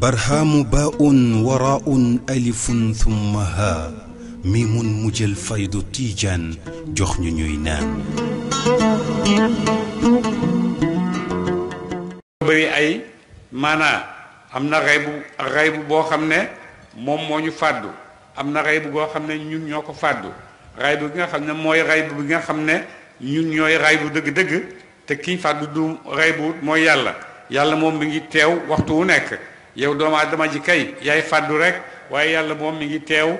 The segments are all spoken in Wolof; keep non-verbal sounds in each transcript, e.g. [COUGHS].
barhaamu baa'un waraa'un alifun thumma haa miimun mu jël faydu tiijaan jox ñu ñuy naan. bëri ay maanaa am na xaybu xaybu boo xam ne moom moo ñu fàddu am na xaybu boo xam ne ñun ñoo ko fàddu xaybu bi nga xam ne mooy xaybu bi nga xam ne ñun ñooy xaybu dëgg-dëgg. te kiñ fàddu du rey mooy yàlla yàlla moom mi ngi teew waxtu wu nekk yow doomu aadama ji kay yaay fàddu rek waaye yàlla moom mi ngi teew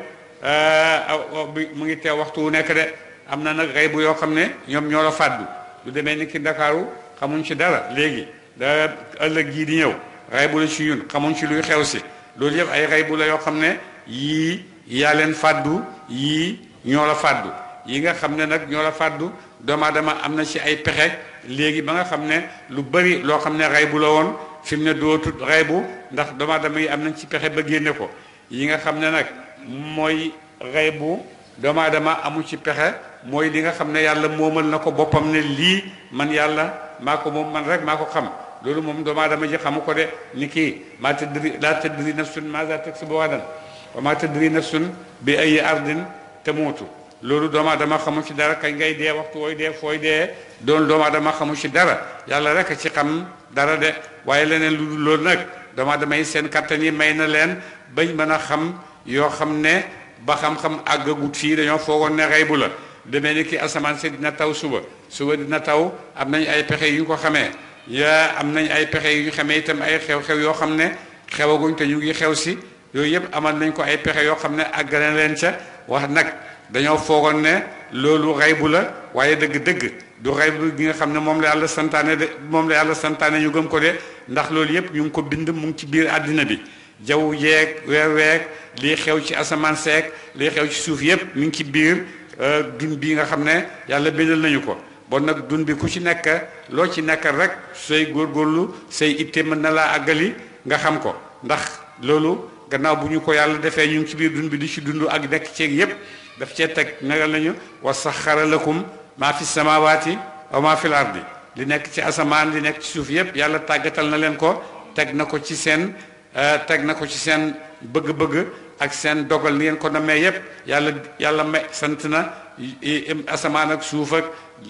euh, mu ngi teew waxtu wu nekk de am na nag rey yoo xam ne ñoom ñoo la fàddu lu demee ni ki ndakaaru xamuñ ci dara léegi da ëllëg gii di ñëw rey bu la ci ñun xamuñ ci luy xew si loolu yëpp ay rey la yoo xam ne yii yaa leen fàddu yii ñoo la fàddu yi nga xam ne nag ñoo la fàddu doomu aadama am na si ay pexe léegi ba nga xam ne lu bëri loo xam ne rey la woon fi mu ne dootul rey bu ndax doomu aadama yi am nañ ci pexe ba génne ko yi nga xam ne nag mooy rey bu doomu aadama amu ci pexe mooy li nga xam ne yàlla moomal na ko boppam ne lii man yàlla maa ko moom man rek maa ko xam loolu moom doomu aadama ji xamu ko de ni kii maa tadri laa tadri nafsun maa za taksibu gadan wa ma tadri nafsun bi ay ardin tamuutu loolu doomu aadama xamu ci dara kañ ngay dee waxtu wooy dee fooy dee doon doomu aadama xamu ci dara yàlla rek ci xam dara de waaye leneen lu dul loolu nag doomu aadama seen kattan yi may na leen bañ mën a xam yoo xam ne ba xam-xam àggagut fii dañoo foogoon ne xëy bu la demee ni ki asamaan si dina taw suba suba dina taw am nañ ay pexe yu ko xamee yaa am nañ ay pexe yu ñu xamee itam ay xew-xew yoo xam ne xewaguñ te ñu ngi xew si yooyu yëpp amal nañ ko ay pexe yoo xam ne àggale leen ca wax nag dañoo foogoon ne loolu xaybu la waaye dëgg-dëgg du xaybu gi nga xam ne moom la yàlla santaane de moom la yàlla santaane ñu gëm ko de ndax loolu yépp ñu ngi ko bind mu ngi ci biir àddina bi jaww jeeg weer weeg xew ci asamaan seeg xew ci suuf yépp mu ngi ci biir euh, dun bi nga xam ne yàlla bindal nañu ko bon nag dun bi ku ci nekk loo ci nekkal rek say góorgóorlu say itte mën na laa àggali nga xam ko ndax loolu gannaaw bu ñu ko yàlla defee ñu ngi ci biir dund bi di ci dund ak nekk ceeg yépp def cee teg nagal nañu wa sax lakum maa fi samawaati wa maa fi l ardi li nekk ci asamaan li nekk ci suuf yépp yàlla tàggatal na leen ko teg na ko ci seen euh, teg na ko ci seen bëgg-bëgg ak seen dogal ni ngeen ko na may yépp yàlla yàlla may sant na asamaan ak suuf ak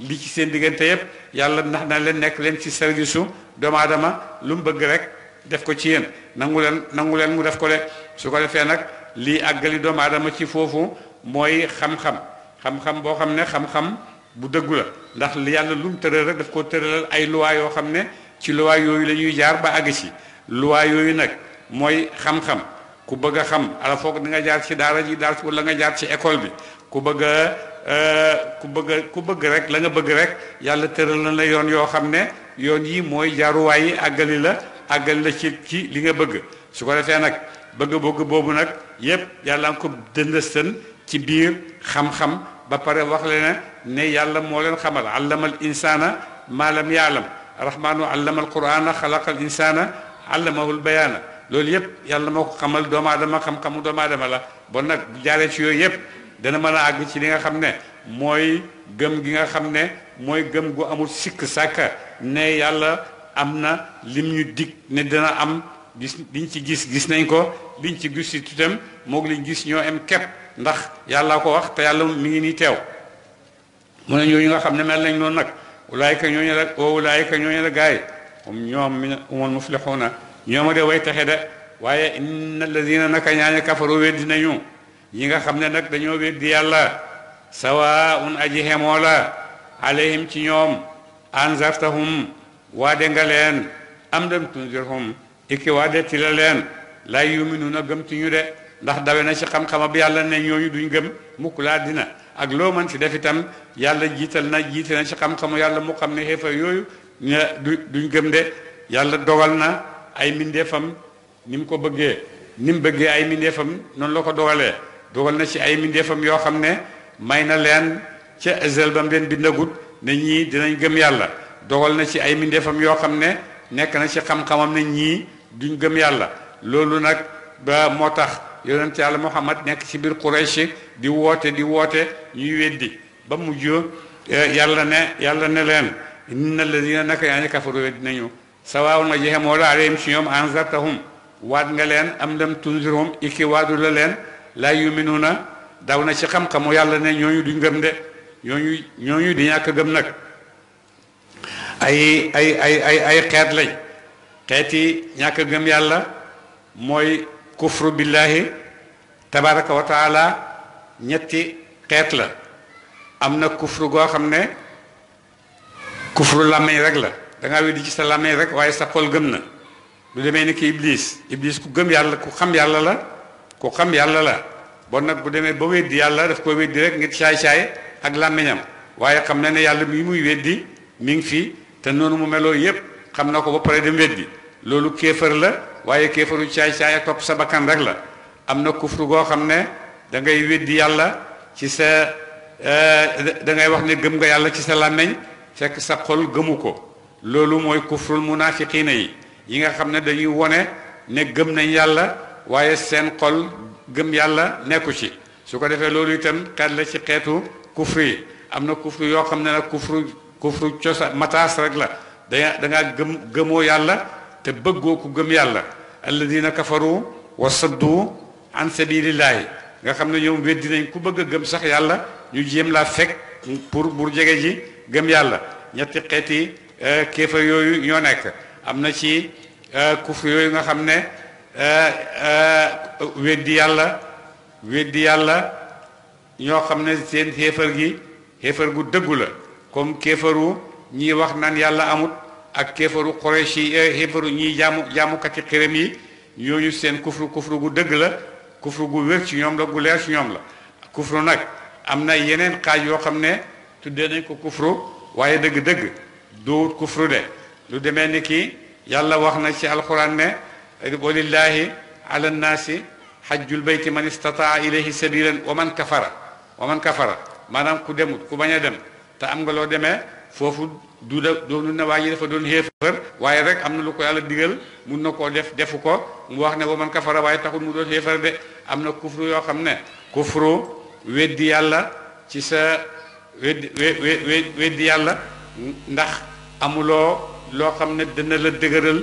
li ci seen diggante yépp yàlla ndax na leen nekk leen ci service su doomu aadama lu mu bëgg rek def ko ci yéen nangu leen nangu leen mu def ko de su ko defee nag lii àggali doomu aadama ci foofu mooy xam-xam xam-xam boo xam ne xam-xam bu dëggu la ndax yàlla lu mu rek daf ko tëralal ay luwaa yoo xam ne ci luwaa yooyu la ñuy jaar ba àgg si luwaa yooyu nag mooy xam-xam ku bëgg xam ala foog da nga jaar ci daara ji daal wala nga jaar ci école bi ku bëgg a euh, ku bëgg ku bëgg rek la bëgg rek yàlla tëral na la yoon yoo xam ne yoon yi mooy jaaruwaay yi àggali la àggali la ci ci li nga bëgg su ko defee nag bëgg-bëgg boobu nag yépp yàlla nga ko dëndëstan ci biir xam-xam ba pare wax leen ne yàlla moo leen xamal allamal insaana maalam yaalam rahmaanu allamal quraana xalaqal insaana allamahul bayaana loolu yépp yàlla moo ko xamal doomu aadama xam-xamu doomu aadama la bon nag bu jaaree ci yooyu yépp dana mën a àgg ci li nga xam ne mooy gëm gi nga xam ne mooy gëm gu amul sikk sàkka ne yàlla am na lim ñu dig ne dana am gis liñ ci gis gis nañ ko liñ ci gis ci tutam moog liñ gis ñoo am képp ndax yàlla ko wax te yàlla mi ngi nii teew mu ne ñooñu nga xam ne mel nañ noonu nag ulaayika ñooñu la wa ñoo ñooñu la gaay ñoom mi umul muflixuuna ñoom de way texe de waaye inna alladina naka ñaaña kafaru weddi nañu yi nga xam ne nag dañoo weddi yàlla sawaun aji hemoo la alayhim ci ñoom anzartahum de nga leen am dam tunzirhum ikki waade tila leen lay ci ñu de ndax dawe na ci xam-xama bi yàlla ne ñooñu duñ gëm mukk laa dina ak loo mën ci def itam yàlla jiital na jiite na ci xam-xamu yàlla mu xam ne xeefa yooyu du duñ gëm de yàlla dogal na ay mindeefam ni mu ko bëggee ni mu bëggee ay mindeefam noonu la ko dogalee dogal na ci ay mindeefam yoo xam ne may na leen ca ezel bam leen bindagut ne ñii dinañ gëm yàlla dogal na ci ay mindeefam yoo xam ne nekk na ci xam-xamam ne ñii duñ gëm yàlla loolu nag ba moo tax yonent yàlla Muhammad nekk ci biir Quraysh di woote di woote ñuy weddi ba mujj eh, yàlla ne yàlla ne leen inna alladina naka yaa ni kafaru weddi nañu sawaawun nga jexe moo la alayhim ci ñoom anzartahum waat nga leen am lam tunzirhum ikki waadu la leen laa na daw na ci xam-xamu yàlla ne ñooñu di gëm de ñooñu ñooñu di ñàkk gëm nag ay ay ay ay ay xeet lañ xeeti ñàkk gëm yàlla mooy kufru billahi tabaraka wa ñetti xeet la am na kufru goo xam ne kufru làmmiñ rek la da weddi ci sa làmmiñ rek waaye sa xol gëm na lu demee ni ki iblis iblis ku gëm yàlla ku xam yàlla la ku xam yàlla la bon nag bu demee ba weddi yàlla daf ko weddi rek ngir saay-saay ak làmmiñam waaye xam na ne yàlla mi muy weddi mi ngi fi te noonu mu meloo yépp xam na ko ba pare dem weddi loolu kéefar la waaye kéefaru caay-caay ak topp sa bakkan rek la am na kufru goo xam ne dangay ngay yàlla ci sa eh, da ngay wax ne gëm nga yàlla ci sa làmmeñ fekk sa xol gëmu ko loolu mooy kufrul munaafiqiina yi yi nga xam ne dañuy wone ne gëm nañ yàlla waaye seen xol gëm yàlla nekku ci su ko defee loolu itam xeet la ci xeetu kufru yi am na kufru yoo xam ne na kufru kufru cosa mataas rek la da gëm gëmoo yàlla te bëggoo ku gëm yàlla alladina kafaru wa saddu an sabilillahi nga xam ne ñoom weddi nañ ku bëgg gëm sax yàlla ñu jéem laa fekk pour pour jege ji gëm yàlla ñetti xeeti euh, kéefa yooyu ñoo nekk am na ci euh, kuf yooyu nga xam ne euh, weddi yàlla weddi yàlla ñoo xam ne seen xéefar gi xéefar gu dëggu la comme kéefaru ñii wax naan yàlla amut ak kéefaru Quraysh yi héefaru jamu jaamu jaamukati xiram yi yoyu seen kufru kufru gu deug la kufru gu wér ci ñom la gu leer ci la kufru nak amna yenen xaj yo xamne tudde nañ ko kufru waye deug deug do kufru de lu deme ni ki yàlla wax na ci alquran ne qulillahi ala nasi hajjul bayti man istataa ilayhi sabilan wa man kafara wa man kafara manam ku demut ku baña dem ta am nga lo deme fofu du da doonu ne waa ji dafa doon xéefar waaye rek am na lu ko yàlla digal mun na koo def defu ko mu wax ne wa man kafara waaye taxul mu doon xéefar de am na kufru yoo xam ne kufru weddi yàlla ci sa weddi weddi yàlla ndax amuloo loo xam ne dana la dëgëral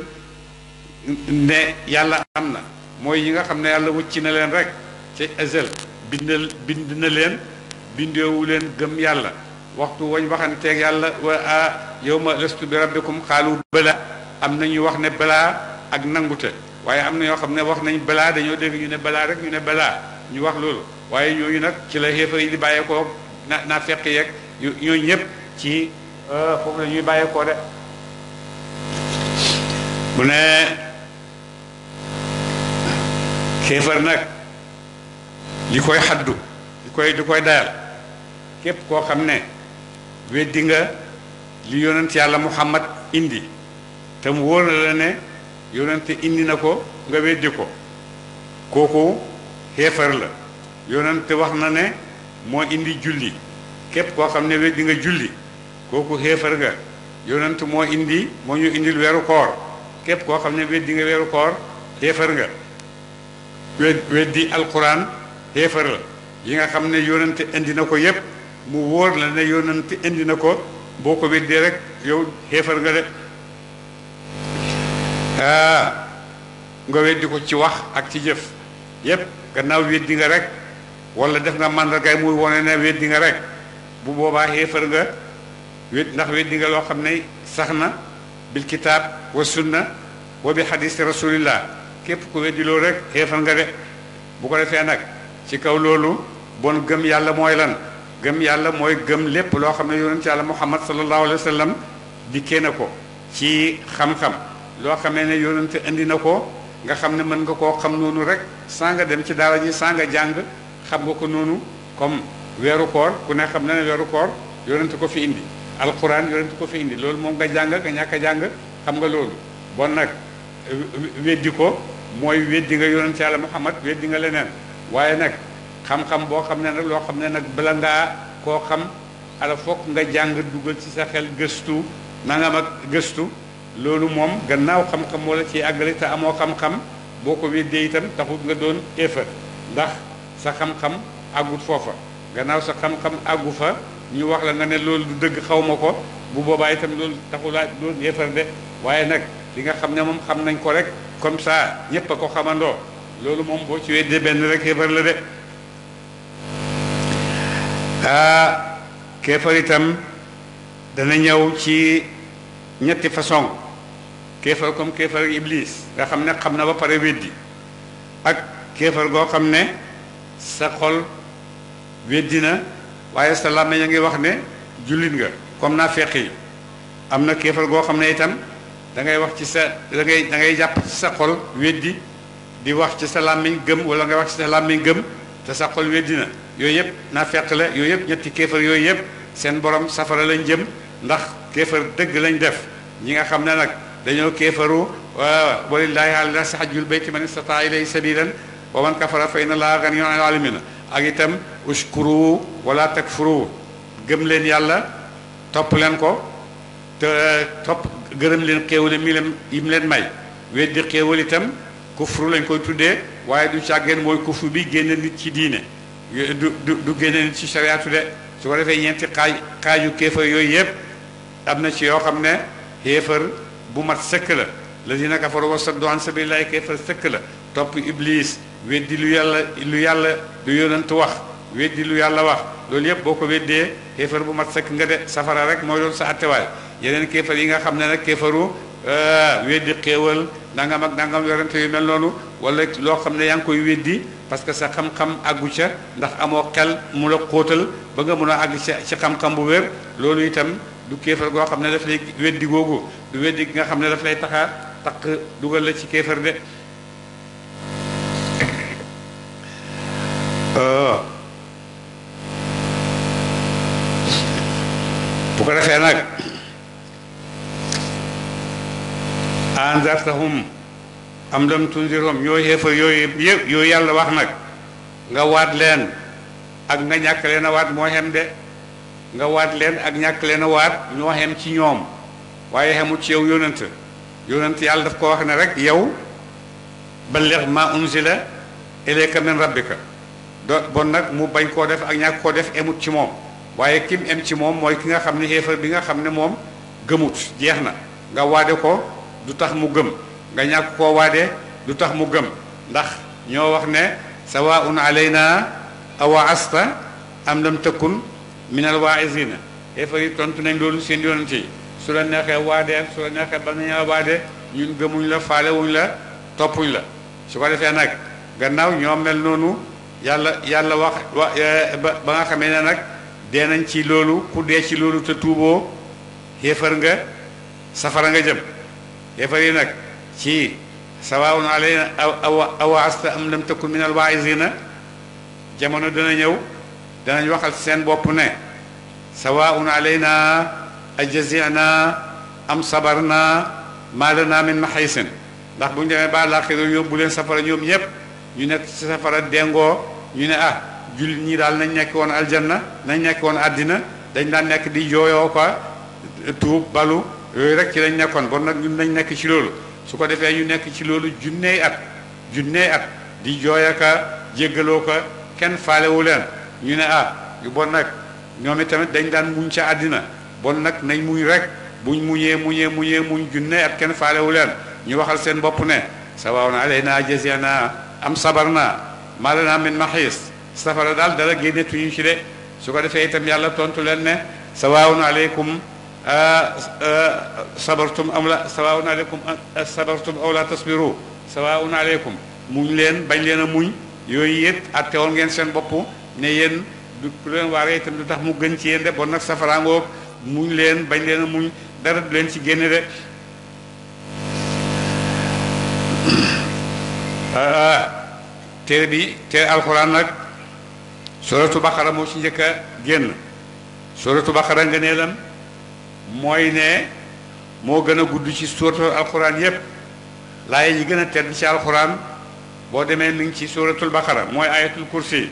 ne yàlla am na mooy yi nga xam ne yàlla ci na leen rek ci ezel bindal bind na leen bindeewu leen gëm yàlla waxtu wañ waxanteeg yàlla wa a yawma lastu bi rabbikum xaalu balaa am na ñuy wax ne balaa ak nangute waaye am na ñoo xam ne wax nañ balaa dañoo dégg ñu ne balaa rek ñu ne balaa ñu wax loolu waaye ñooñu nag ci la xéefar yi di bàyyeekoo na naa fekk yeeg ñooñu ñëpp ci euh, foofu la bàyyeekoo de mu ne xéefar nag li koy xaddu li koy di koy dayal képp koo xam ne weddi nga li yonent yàlla muhammad indi te mu wóor na la ne yonent indi na ko nga weddi ko kooku xeefar la yonent wax na ne moo indi julli képp koo xam ne weddi nga julli kooku xeefar nga yonent moo indi moo ñu indil weeru koor képp koo xam ne weddi nga weeru koor xeefar nga weddi alquran xeefar la yi nga xam ne yonent indi na ko yépp mu wóor la ne yonent indi na ko boo ko weddee rek yow xeefar nga de ah, nga weddi ko ci wax ak ci jëf yépp gannaaw weddi nga rek wala def nga màndargaay muy wone ne weddi nga rek bu boobaa xeefar nga wet ndax weddi nga loo xam ne sax na bil kitaab wa sunna wa bi xadisi képp ku weddi rek xeefar nga de bu ko defee nag ci kaw loolu bon gëm yàlla mooy lan gëm yàlla mooy gëm lépp loo xam ne yonent yàlla muhammad sallallahu alayhi wa sallam dikkee na ko ci xam-xam loo xamee ne yonent indi na ko nga xam ne mën nga koo xam noonu rek saa nga dem ci daara ji saa nga jàng xam nga ko noonu comme weeru koor ku ne xam na ne weeru koor yonent ko fi indi alquran yonent ko fi indi loolu moom nga jàng nga ñàkk jàng xam nga loolu bon nag weddi ko mooy weddi nga yonent yàlla muhammad weddi nga leneen waaye nag xam-xam boo xam ne nag loo xam ne nag bala ngaa koo xam ala fokk nga jàng dugal ci sa xel gëstu nangam ak gëstu loolu moom gannaaw xam-xam moo la ciy àggale te amoo xam-xam boo ko weddee itam taxut nga doon kéefër ndax sa xam-xam àggut foofa gannaaw sa xam-xam àggu fa ñu wax la nga ne loolu du dëgg xaw ma ko bu boobaa itam loolu taxulaa doon kéefër de waaye nag li nga xam ne moom xam nañ ko rek comme ça ñépp a ko xamandoo loolu moom boo ci weddee benn rek kéefër la de ah kéefar itam dana ñëw ci ñetti façon kéefar comme kéefar ak iblis nga xam ne xam na ba pare weddi ak kéefar goo xam ne sa xol weddi na waaye sa làmmiñ a ngi wax ne jullit nga comme naa feq yi am na kéefar goo xam ne itam dangay wax ci sa da ngay da jàpp ci sa xol weddi di wax ci sa làmmiñ gëm wala nga wax ci sa làmmiñ gëm te sa xol weddi na yooyu yëpp feq la yooyu yëpp ñetti kéefar yooyu yëpp seen borom safara lañ jëm ndax kéefar dëgg lañ def ñi nga xam ne nag dañoo kéefaru walillaahi ala naasi hajjul bayti man istataa ilayhi sabiilan wa man kafara fa na laa ganiyyun anil aalamiin ak itam ushkuru wala takfuru gëm leen yàlla topp leen ko te euh, topp gërëm leen xéewal mi leen yim leen may weddi xéewal itam kufru lañ koy tuddee waaye du càggeen mooy kufru bi génn nit ci diine du du génne nit ci sariyaatu de su ko defee ñeenti xaaj xaaju kéefër yooyu yëpp am na ci yoo xam ne kéefër bu mat sëkk la lazina kafaru wa saddu an sabilillahi kéefër sëkk la topp iblis weddi lu yàlla lu yàlla lu yonent wax weddi lu yàlla wax loolu yëpp boo ko weddee kéefër bu mat sëkk nga de safara rek mooy doon sa attewaay yeneen kéefër yi nga xam ne nag kéefaru Eh, weddi xéewal nangam ak nangam yorante yu mel noonu wala loo xam ne yaa ngi koy weddi parce que sa xam-xam àggu ca ndax amoo xel mu la xóotal ba nga mun a àgg ca ci xam-xam bu wér loolu itam du kéefar goo xam daf lay weddi googu du weddi nga xam ne daf lay taxa taq dugal la ci kéefar de euh. bu ko defee nag anzartahum am lam tunzirhum ñoo xeefa yooyu yëpp yooyu yàlla wax nag nga waat leen ak nga ñàkk leen a waat moo xem de nga waat leen ak ñàkk leen a waat ñoo xem ci ñoom waaye xemut ci yow yonent yonent yàlla daf ko wax ne rek yow balligh ma unzila ilayka min rabbika do bon nag mu bañ koo def ak ñàkk koo def emut ci moom waaye kim em ci moom mooy ki nga xam ne xeefar bi nga xam ne moom gëmut jeex na nga waade ko du tax mu gëm nga ñàkk koo waade du tax mu gëm ndax ñoo wax ne sawaun na awa asta am lam tëkkun minal waa'isiina xeefar yi tontu nañ loolu seen yonent yi su la neexee waadee su la neexee ba nañaa waade ñun gëmuñ la faalewuñ la toppuñ la su ko defee nag gannaaw ñoo mel noonu yàlla yàlla wax wa eh, ba nga xamee ne nag dee nañ ci loolu ku dee ci loolu te tuuboo xeefar nga safara nga jëm يفرينك شي سواء علينا أو أو أو عست أم لم تكن من الواعظين jamono dana ñëw danañ waxal seen bopp ne sawaun alayna ajazina am sabarna ma lana min mahaysin ndax bu ñu demee ba laaxiru yóbbu leen safara ñoom ñëpp ñu nekk ci safara dengoo ñu ne ah jullit ñi daal nañ nekk woon aljanna nañ nekk woon àddina dañ daan nekk di jooyoo ko tuub balu yooyu rek ci lañ nekkoon bon nag ñun nañ nekk ci loolu su ko defee ñu nekk ci loolu junney at junney at di jooy aka jéggaloo ko kenn faalewu leen ñu ne ah yu bon nag ñoom itamit dañ daan muñ ca àddina bon nag nañ muñ rek buñ muñee muñee muñee muñ junney at kenn faalewu leen ñu waxal seen bopp ne sawaawun alaynaa jaziyanaa am sabarna, maa lanaa min maxiis safara dal dara génnetuñu ci de su ko defee itam yàlla tontu leen ne sawaawun aleykum sabartum am la sawaun aleykum sabartum aw la tasbiru sawaun aleykum muñ leen bañ leen a muñ yooyu yëpp atte woon ngeen seen bopp ne yéen du ku leen waaree itam du tax mu gën ci yéen de bon nag safaraangoog muñ leen bañ leen a muñ dara du leen ci génn de [COUGHS] ah, ah. téere bi téere alxuraan nag suratu baqara moo ci njëkk a génn suratu baqara nga nee lam mooy ne moo gën a gudd ci suuratul alquran yépp laaye yi gën a tedd ci alquran boo demee mi ngi ci suuratul baqara mooy ayatul kursi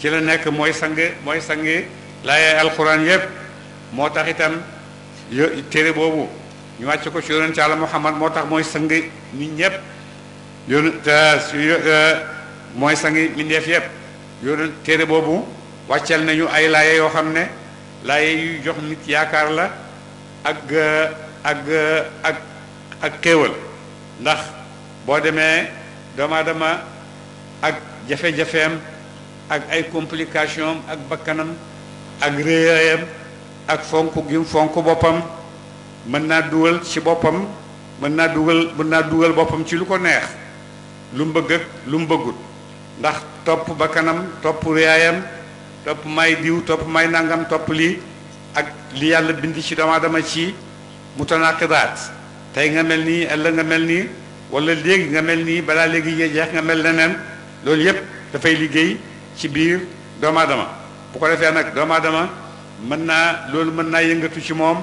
ci la nekk mooy sang mooy sang laaye alquran yépp moo tax itam téere boobu ñu wàcc ko ci yonent Yàlla Muhammad moo tax mooy sang nit ñépp e, mooy sang mindeef yépp yoonu téere boobu wàcceel nañu ay laaye yoo xam ne laaye yuy jox nit yaakaar la ak ak ak ak xéewal ndax boo demee doomu aadama ak jafe-jafeem ak ay complication ak bakkanam ak réyaayam ak fonk gi fonk boppam mën naa dugal ci boppam mën naa dugal mën naa duwal boppam ci lu ko neex lu mu bëgg ak lu mu bëggut ndax topp bakkanam topp réyaayam topp may diw topp may nangam topp lii ak li yàlla bind ci doomu aadama ci mutanaqidaat tey nga mel nii ëllëg nga mel nii wala léegi nga mel nii balaa léegi yee jeex nga mel neneen loolu yépp dafay liggéey ci biir doomaadama aadama bu ko defee nag doomaadama mën naa loolu mën naa yëngatu ci moom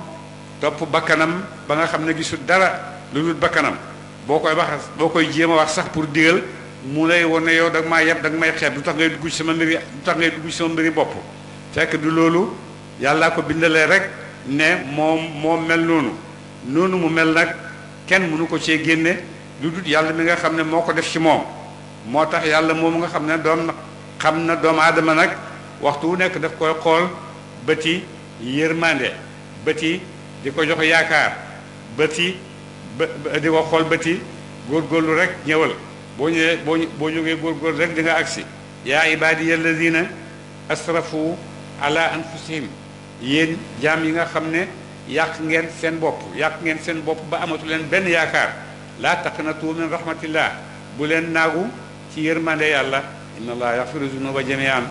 topp bakkanam ba nga xam ne gisul dara lu dul bakkanam boo koy wax boo koy jéem a wax sax pour digal mu lay wane yow da nga maa yeb da may xeeb lu tax ngay dugg ci sama mbiri lu tax ngay dugg ci sama yàlla ko bindale rek ne mom mo mel nonu nonu mu mel nak ken munu ko ci génne lu dut yàlla mi nga xamné moko def ci mom motax yàlla mom nga xamné ne doom xam na doomu aadama waxtu nek daf koy xol bëti yërmande bëti diko jox yaakaar bëti di ko xool bëti lu rek ñëwal bo ñe bo ñu ngey gor gor rek di nga aksi ya ibadiyal ladina asrafu ala anfusihim yéen jaam yi nga xam ne yàq ngeen seen bopp yàq ngeen seen bopp ba amatu leen benn yaakaar laa taqnatu min rahmatillah bu leen naagu ci yërmande yàlla inna allah yaxfiru zunuba jamian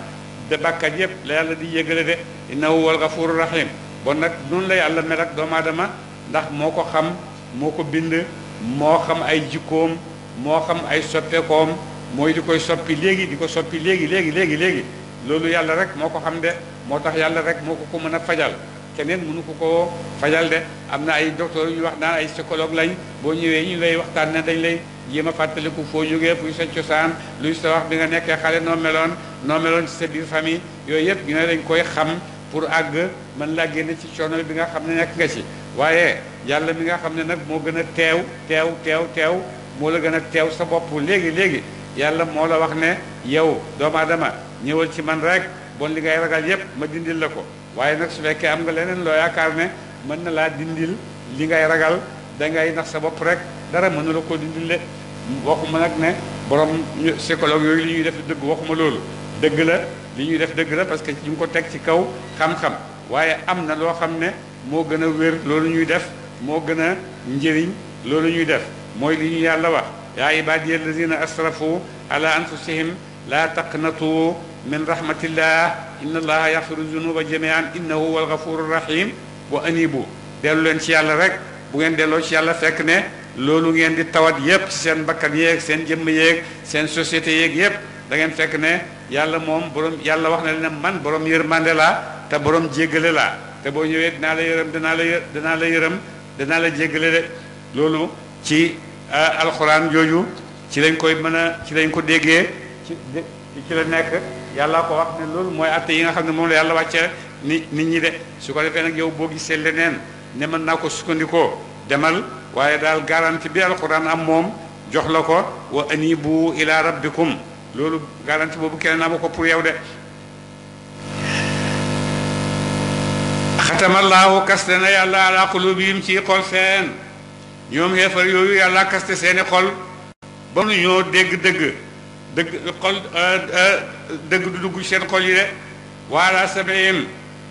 de bàkkat yépp la yàlla di yégale de innahu huwal gafuru rahim bon nag noonu la yàlla mel ak doomu aadama ndax moo ko xam moo ko bind moo xam ay jikkoom moo xam ay soppeekoom mooy di koy soppi léegi di ko soppi léegi léegi léegi léegi loolu yàlla rek moo ko xam de moo tax yàlla rek moo ko ko mën a fajal keneen mënu ko koo fajal de am na ay docteur yu ñu wax naan ay psychologue lañ boo ñëwee ñu lay waxtaan ne dañu lay jéem a fàttaliku foo jógee fuy sa cosaan luy sa wax bi nga nekkee xale noo meloon noo meloon ci sa biir famille yooyu yëpp ñu ne koy xam pour àgg mën laa génne ci coono bi nga xam ne nekk nga ci waaye yàlla mi nga xam ne nag moo gën a teew teew teew teew moo la gën a teew sa bopp léegi léegi yàlla moo la wax ne yow doomu aadama ñëwal ci man rek kon li ngay ragal yépp ma dindil la ko waaye nag su fekkee am nga leneen loo yaakaar ne mën na laa dindil li ngay ragal dangay ndax sa bopp rek dara mënu la ko dindil de waxuma nag ne borom psychologue yooyu li ñuy def dëgg waxuma loolu dëgg la li ñuy def dëgg la parce que ñu ngi ko teg ci kaw xam-xam waaye am na loo xam ne moo gën a wér loolu ñuy def moo gën a njëriñ loolu ñuy def mooy li ñu yàlla wax yaa ibadiy alladina asrafu ala anfusihim laa takk taqnatu min rahmatillah inna allaha yaxfiru zunuba jamian innahu huwa alxafuru rahim wa anibu dellu leen ci yàlla rek bu ngeen delloo ci yàlla fekk ne loolu ngeen di tawat yépp ci seen bakkan yéeg seen jëm yéeg seen société yéeg yépp dangeen fekk ne yàlla moom borom yàlla wax na leen man borom yërmande la te boroom jéggale laa te boo ñëwee dinaa la yërëm danaa la danaa la yërëm danaa la jéggale loolu ci ah, alxuraan jooju ci lañ koy mën a ci lañ ko déggee ci ci la nekk yàlla ko wax ne loolu mooy atte yi nga xam ne moom la yàlla wàcce ni nit ñi de su ko defee nag yow boo gisee leneen ne mën naa ko sukkandikoo demal waaye daal garanti bi alquran am moom jox la ko wa anibu ila rabbikum loolu garanti boobu keneen amu ko pour yow de xatamallaahu kaste na yàlla ala qulubihim ci xol seen ñoom xeefar yooyu yàlla kaste seeni xol ba mu ñoo dégg dëgg dëgg xol euh, euh, dëgg dugg seen xol yi de wala samihim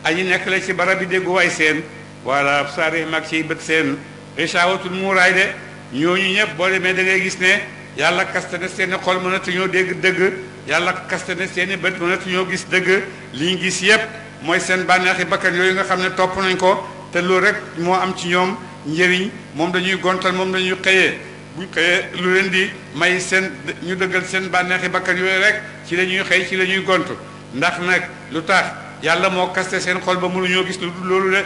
añi nekk la ci barab bi dégguwaay seen wala absaarihim ak ciy bët seen gisaawatul muuraay de ñooñu ñëpp boo demee da ngay gis ne yàlla kastane seeni xol mënatuñoo dégg dëgg yàlla kastane seeni bët mënatuñoo gis dëgg li ñu gis yépp mooy seen bànneexi bakkan yooyu nga xam ne topp nañ ko te loolu rek moo am ci ñoom njëriñ moom dañuy gontal moom dañuy xëyee buñ xëyee lu leen di may seen ñu dëggal seen bànneexi bakkan yooyu rek ci la ñuy xëy ci la ñuy gont ndax nag lu tax yàlla moo kaste seen xol ba mënuñoo gis lu dul loolu de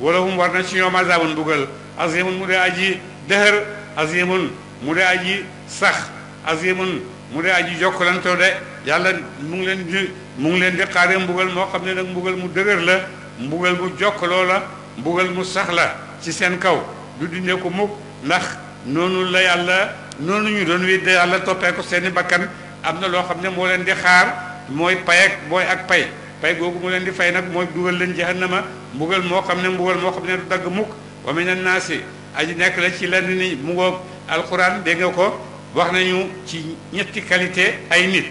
wala hum war na ci ñoom azabun buggal azimun mu dee aji dëhër azimun mu dee aji sax azimun mu dee aji jokkalantoo de yàlla mu ngi leen di mu ngi leen di xaare moo xam ne nag mbugal mu dëgër la mbugal mu jokkaloo la mbugal mu sax la ci seen kaw du dindee ko mukk ndax noonu la yàlla noonu ñu doon wéy de yàlla toppeeku seeni bakkan am na loo xam ne moo leen di xaar mooy pay ak booy ak pay pay googu mu leen di fay nag mooy dugal leen jahannama mbugal moo xam ne mbugal moo xam ne du dagg mukk wa mina naasi aji nekk la ci lenn ni mu ngoog alquran dégg nga ko wax nañu ci ñetti qualité ay nit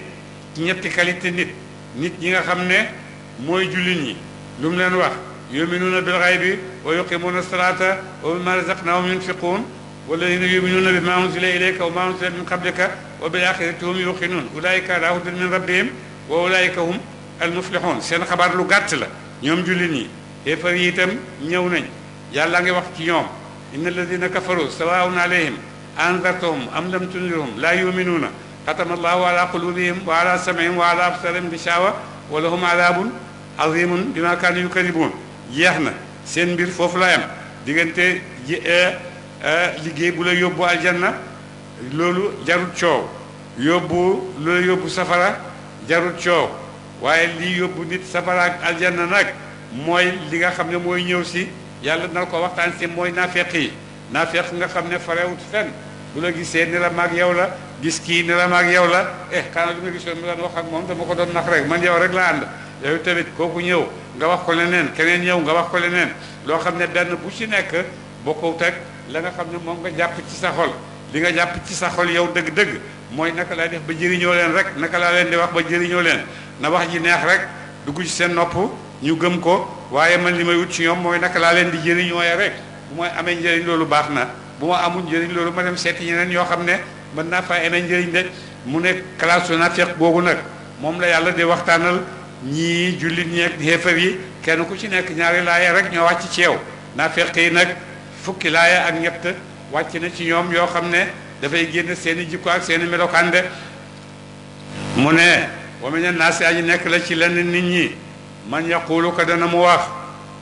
ci ñetti qualité nit nit ñi nga xam ne mooy jullit yi lu mu leen wax yuminuuna bil ghaybi wa yuqimuuna salaata wa mimma razaqnaahum yunfiquun والذين يؤمنون بما أنزل إليك وما أنزل من قبلك وبالآخرة هم يوقنون أولئك على هدى من ربهم وأولئك هم المفلحون سين خبر لو غات لا نيوم جولي ني هفر ييتام نيو نان يالا غي واخ سي نيوم ان الذين كفروا سواء عليهم انذرتهم ام لم تنذرهم لا يؤمنون ختم الله على قلوبهم وعلى سمعهم وعلى ابصارهم بشاوة ولهم عذاب عظيم بما كانوا يكذبون يهنا سين بير فوف ديغنتي Eh, liggéey bu la yóbbu aljanna loolu jarut coow yóbbu lu la yóbbu safara jarut coow waaye lii yóbbu nit safara ak aljanna nag mooy li nga xam ne mooy ñëw si yàlla na ko waxtaan si mooy naafeq yi naafeq nga xam ne farewut fenn bu la gisee ni la maag yow la gis kii ni la yow la eh xanaa li ma gisoon mi doon wax ak moom dama ko doon nax rek man yow rek la ànd yow tamit kooku ñëw nga wax ko leneen keneen ñëw nga wax ko leneen loo xam ne benn bu ci nekk bokkut ak la nga xam ne moom nga jàpp ci sa xol li nga jàpp ci sa xol yow dëgg-dëgg mooy naka laa def ba jëriñoo leen rek naka laa leen di wax ba jëriñoo leen na wax ji neex rek dugg ci seen nopp ñu gëm ko waaye man li may wut ci ñoom mooy naka laa leen di jëriñooye rek bu ma amee njëriñ loolu baax na bu ma amul njëriñ loolu ma dem seeti ñeneen yoo xam ne mën naa faa amee njëriñ de mu ne kalaasu naafeq boobu nag moom la yàlla de waxtaanal ñii jullit ñeeg xéefar yi kenn ku ci nekk ñaari laaya rek ñoo wàcc ci yow fukki laaya ak ñett wàcc na ci ñoom yoo xam ne dafay génn seeni jikko ak seeni melokaan de mu ne wamina naasi aji nekk la ci lenn nit ñi man yaqulu ko dana mu wax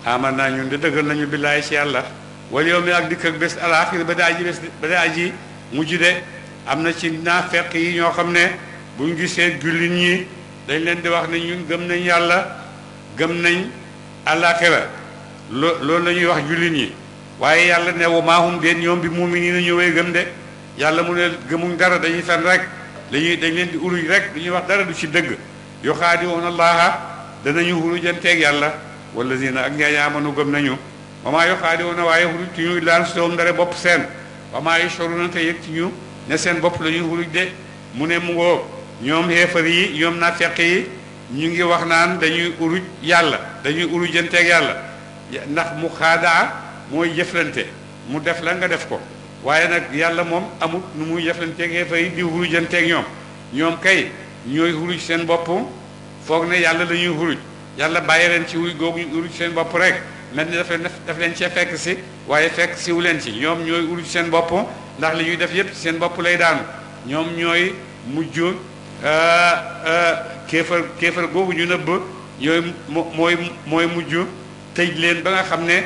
aman naa ñun de dëggal nañu billaahi ci yàlla wal yow mi ak dikk ak bés alaaxir ba daa aji bés ba daa aji mujj de am na ci naafeq yi ñoo xam ne buñ gisee jullit ñi dañ leen di wax ne ñun gëm nañ yàlla gëm nañ alaaxira lo loolu la ñuy wax jullit ñi waaye yàlla ne wa maahum den ñoom bi mu'miniina na way gëm de yàlla mu ne gëmuñ dara dañuy fen rek dañuy dañ leen di uruj rek dañuy wax dara du ci dëgg yu xaadi'uuna allaaha danañu hurujanteeg yàlla wallaziina ak ñaaña amanu gëm nañu wa maa yu xaadi'uuna waaye huruj ti ñu illaa anfusahum ndare bopp seen wa maa yash'uruuna te yëg ci ñu ne seen bopp la ñuy huruj de mu ne mu ngoo ñoom xeefar yi ñoom naafeq yi ñu ngi wax naan dañuy uruj yàlla dañuy urujanteeg yàlla ndax mu xaadaa mooy jëflante mu def la nga def ko waaye nag yàlla moom amut nu muy jëflanteeg yee fay di xurujanteeg ñoom ñoom kay ñooy xuruj seen bopp foog ne yàlla la ñuy xuruj yàlla bàyyi leen ci wuy googu xuruj seen bopp rek mel ni daf leen daf leen cee fekk si waaye fekk siwu leen ci ñoom ñooy xuruj seen bopp ndax li ñuy def yépp seen bopp lay daanu ñoom ñooy mujj euh, euh, kéefar kéefar googu ñu nëbb yooyu mooy mooy mujj tëj leen ba nga xam ne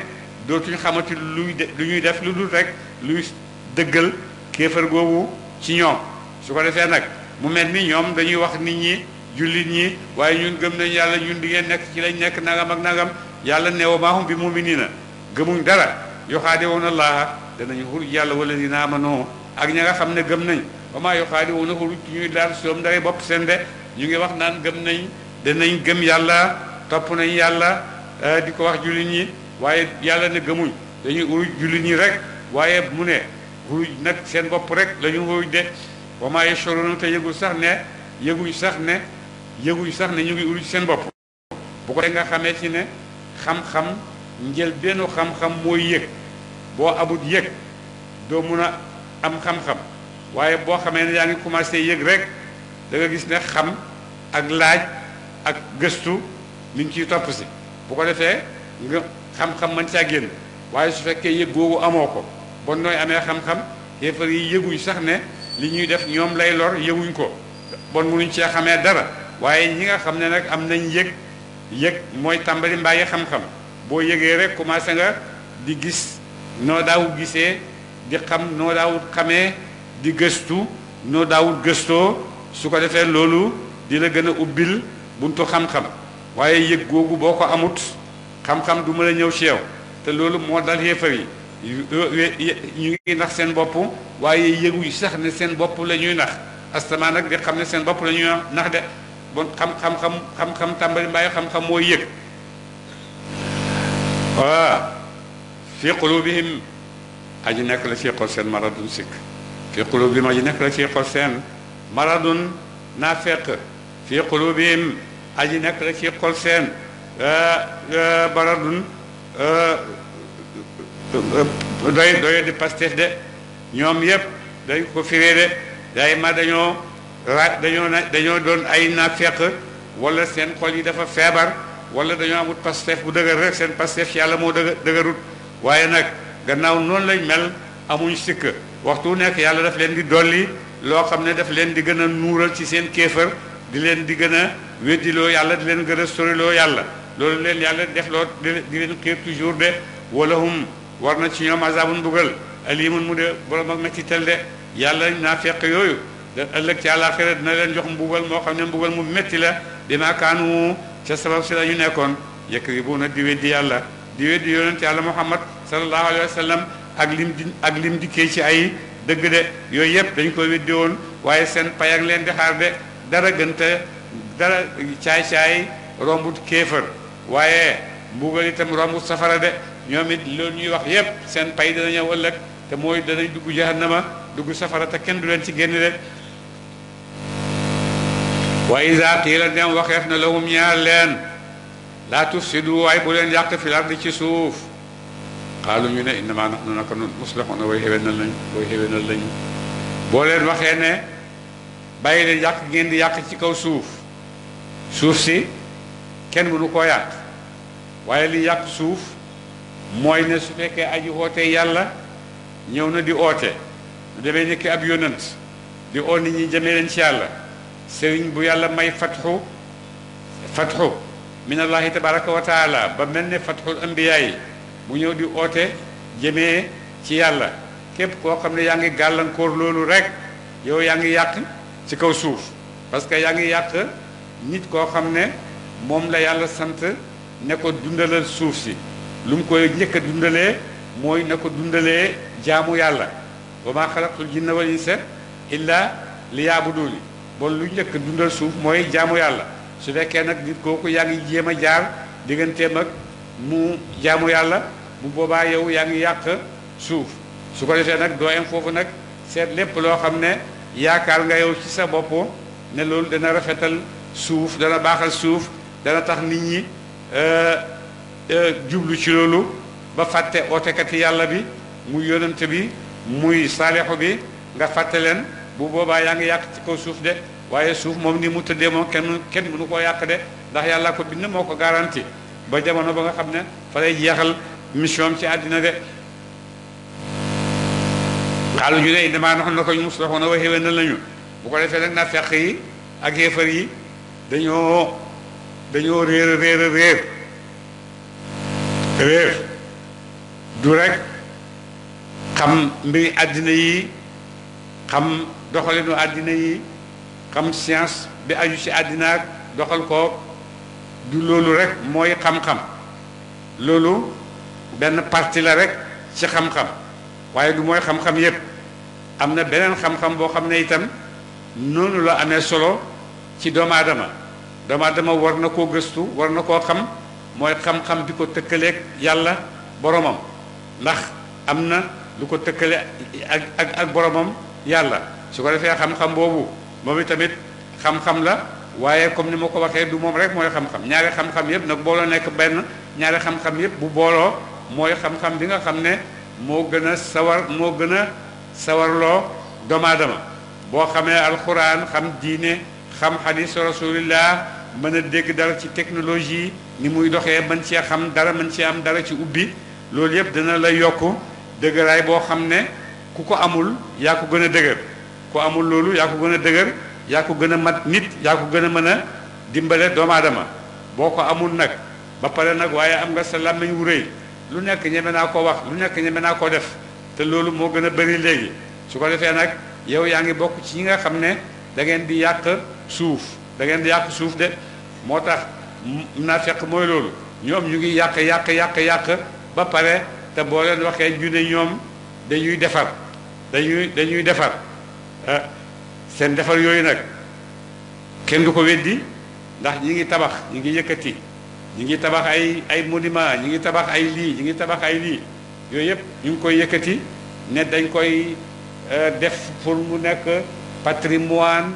dootuñu xamati luy lu ñuy def lu dul rek luy dëggal kéefar googu ci ñoom su ko defee nag mu mel ni ñoom dañuy wax nit ñi jullit ñi waaye ñun gëm nañu yàlla ñun di ngeen nekk ci lañ nekk nangam ak nangam yàlla ne wa maahum bi na gëmuñ dara yuxaadiwuna allaha danañu xur yàlla wala ma amano ak ña nga xam ne gëm nañ wa maa yuxaadiwuna xur ñuy daal soom dara bopp seen de ñu ngi wax naan gëm nañ danañ gëm yàlla topp nañ yàlla eh, di ko wax jullit ñi waaye yàlla ne gëmuñ dañuy uruj jullit ñi rek waaye mu ne uruj nag seen bopp rek la ñu uruj de wa maa yashuruna te yëguñ sax ne yëguñ sax ne yëguñ sax ne ñu ngi uruj seen bopp bu ko nga xamee ci ne xam njël benn xam-xam mooy boo abut yëg doo mun a am xam waaye boo xamee ne yaa ngi commencé yëg rek da gis ne xam ak laaj ak gëstu mi ciy topp bu ko defee nga xam-xam man caa génn waaye su fekkee yëg googu amoo ko bon nooy amee xam-xam yéefar yi yëguñ sax ne li ñuy def ñoom lay lor yëguñ ko bon munuñ cee xamee dara waaye ñi nga xam ne nag am nañ yëg yëg mooy tàmbali mbàyyi xam-xam boo yëgee rek commencé nga di gis noo daawut gisee di xam noo daawut xamee di gëstu noo daawut gëstoo su ko defee loolu di la gën a ubbil buntu xam-xam waaye yëg googu boo ko amut xam-xam du mën a ñëw ci te loolu moo dal yéefar yi ñu ngi nax seen bopp waaye yëgu sax ne seen bopp la ñuy nax astamaa nag di xam ne seen bopp la ñuy nax de bon xam xam-xam tàmbali mbaayu xam-xam mooy yëg waaw fi qulubihim aji nekk la ci xol seen maradun sikk fi qulubihim aji nekk la ci xol seen maradun naafeq fi qulubihim aji nekk la ci xol seen baradun dun doy doy di Pastef de ñom yëpp dañ ko firé de day ma dañu dañu dañu don ay nafiq wala sen xol yi dafa feebar wala dañu amut Pastef bu dëgër rek sen Pastef yalla mo dëgë dëgërut waaye nag gannaaw non lay mel amuñ sikk waxtu nek yalla daf leen di doli lo xam daf leen di gëna a nuural ci sen kéfer di leen di gëna a weddiloo yàlla di leen gëna sori lo yalla loolu leen yàlla def loo di leen xiir toujours de walahum war na ci ñoom azabun bugal alimun mu de borom ak mettital de yàlla naa fekk yooyu da ëllëg ci àllaaxira na leen jox mbugal moo xam ne mbugal mu metti la bi ma kaanu ca sabab si la nekkoon yëkk yi bu na di weddi yàlla di weddi yonent yàlla muhammad sallallahu alayhi wa sallam ak lim di ak lim dikkee ci ay dëgg de yooyu yëpp dañ ko weddi woon waaye seen pay ak leen di dara gënte dara caay-caay rombut kéefër waaye mbugal itam romb safara de ñoom it loolu ñuy wax yépp seen pay dana ñëw te mooy danañ dugg jahannama dugg safara te kenn du leen ci génn de wa iza qiila dem waxeef na lahum ñaar leen laa tufsidu waay bu leen yàq fil ardi ci suuf xaalu ñu ne innama nahnu naka nun muslihuna way xéwénal lañu way xéwénal lañu boo leen waxee ne bàyyi leen yàq ngeen di yàq ci kaw suuf suuf si kenn mënu koo yàq waaye li yàq suuf mooy ne su fekkee aji oote yàlla ñëw na di oote lu demee nekk ab yonant di oo nit ñi jëmee leen ci yàlla sëriñ bu yàlla may fatxu fatxu minallahi tabaraka wa taala ba mel ne fatxul ambiya yi mu ñëw di oote jëmee ci yàlla képp koo xam ne yaa ngi gàllankoor loolu rekk yow yaa ngi yàq ci kaw suuf parce que yaa ngi yàq nit koo xam ne moom la yàlla sant ne ko dundalal suuf si lu mu koy njëkk a dundalee mooy na ko dundalee jaamu yàlla wa maa xalaqtul jinna wal insa illa liyaabuduuni bon lu njëkk a dundal suuf mooy jaamu yàlla su fekkee nag nit kooku yaa ngi jéem a jaar digganteem ak mu jaamu yàlla bu boobaa yow yaa ngi yàq suuf su ko defee nag dooyam foofu nag seet lépp loo xam ne yaakaar nga yow ci sa bopp ne loolu dana rafetal suuf dana baaxal suuf dana tax nit ñi jublu ci loolu ba fàtte ootekati yàlla bi muy yonent bi muy saalixu bi nga fàtte leen bu boobaa yaa ngi yàq ci kaw suuf de waaye suuf moom ni mu tëddee moom kenn kenn mënu koo yàq de ndax yàlla ko bind moo ko garanti ba jamono ba nga xam ne fa lay jeexal mission ci àddina de xaalu ñu ne damaa naxoon na ko ñu muslaxoon a waxee na lañu bu ko defee nag naa feq yi ak yéefar yi dañoo dañoo réer réer réer du rek xam mbiri àddina yi xam doxalinu àddina yi xam science bi aju ci àddina ak doxal ko du loolu rek mooy xam-xam loolu benn parti la rek ci xam-xam waaye du mooy xam-xam yépp am na beneen xam-xam boo xam ne itam noonu la amee solo ci doomu aadama dama dama war na koo gëstu war na koo xam mooy xam-xam bi ko tëkkaleek yàlla boromam ndax am na lu ko tëkkale ak ak ak boromam yàlla su ko defee xam-xam boobu moom itamit xam-xam la waaye comme ni ma ko waxee du moom rek mooy xam-xam ñaari xam-xam yëpp nag booloo nekk benn ñaari xam-xam yëpp bu booloo mooy xam-xam bi nga xam ne moo gën a sawar moo gën a sawarloo doomu boo xamee alxuraan xam diine xam xadis rasulillah mën a dégg dara ci technologie ni muy doxee mën cee xam dara mën cee am dara ci ubbi loolu yëpp dana la yokk dëgëraay boo xam ne ku ko amul yaa ko gën a dëgër ku amul loolu yaa ko gën a dëgër yaa ko gën a mat nit yaa ko gën a mën a dimbale doomu aadama boo ko amul nag ba pare nag waaye am nga sa làmmiñ wu rëy lu nekk ñeme naa koo wax lu nekk ñeme naa koo def te loolu moo gën a bëri léegi su ko defee nag yow yaa ngi bokk ci ñi nga xam ne da ngeen di yàq suuf da ngeen di yàq suuf de moo tax naafeq mooy loolu ñoom ñu ngi yàq yàq yàq yàq ba pare te boo leen waxee ñu ne ñoom dañuy defar dañuy dañuy defar ah, seen defar yooyu nag kenn du ko weddi ndax ñi ngi tabax ñi ngi yëkkati ñi ngi tabax ay ay monument ñi ngi tabax ay lii ñi ngi tabax ay lii yooyu yëpp ñu ngi koy yëkkati ne dañ koy euh, def pour mu nekk patrimoine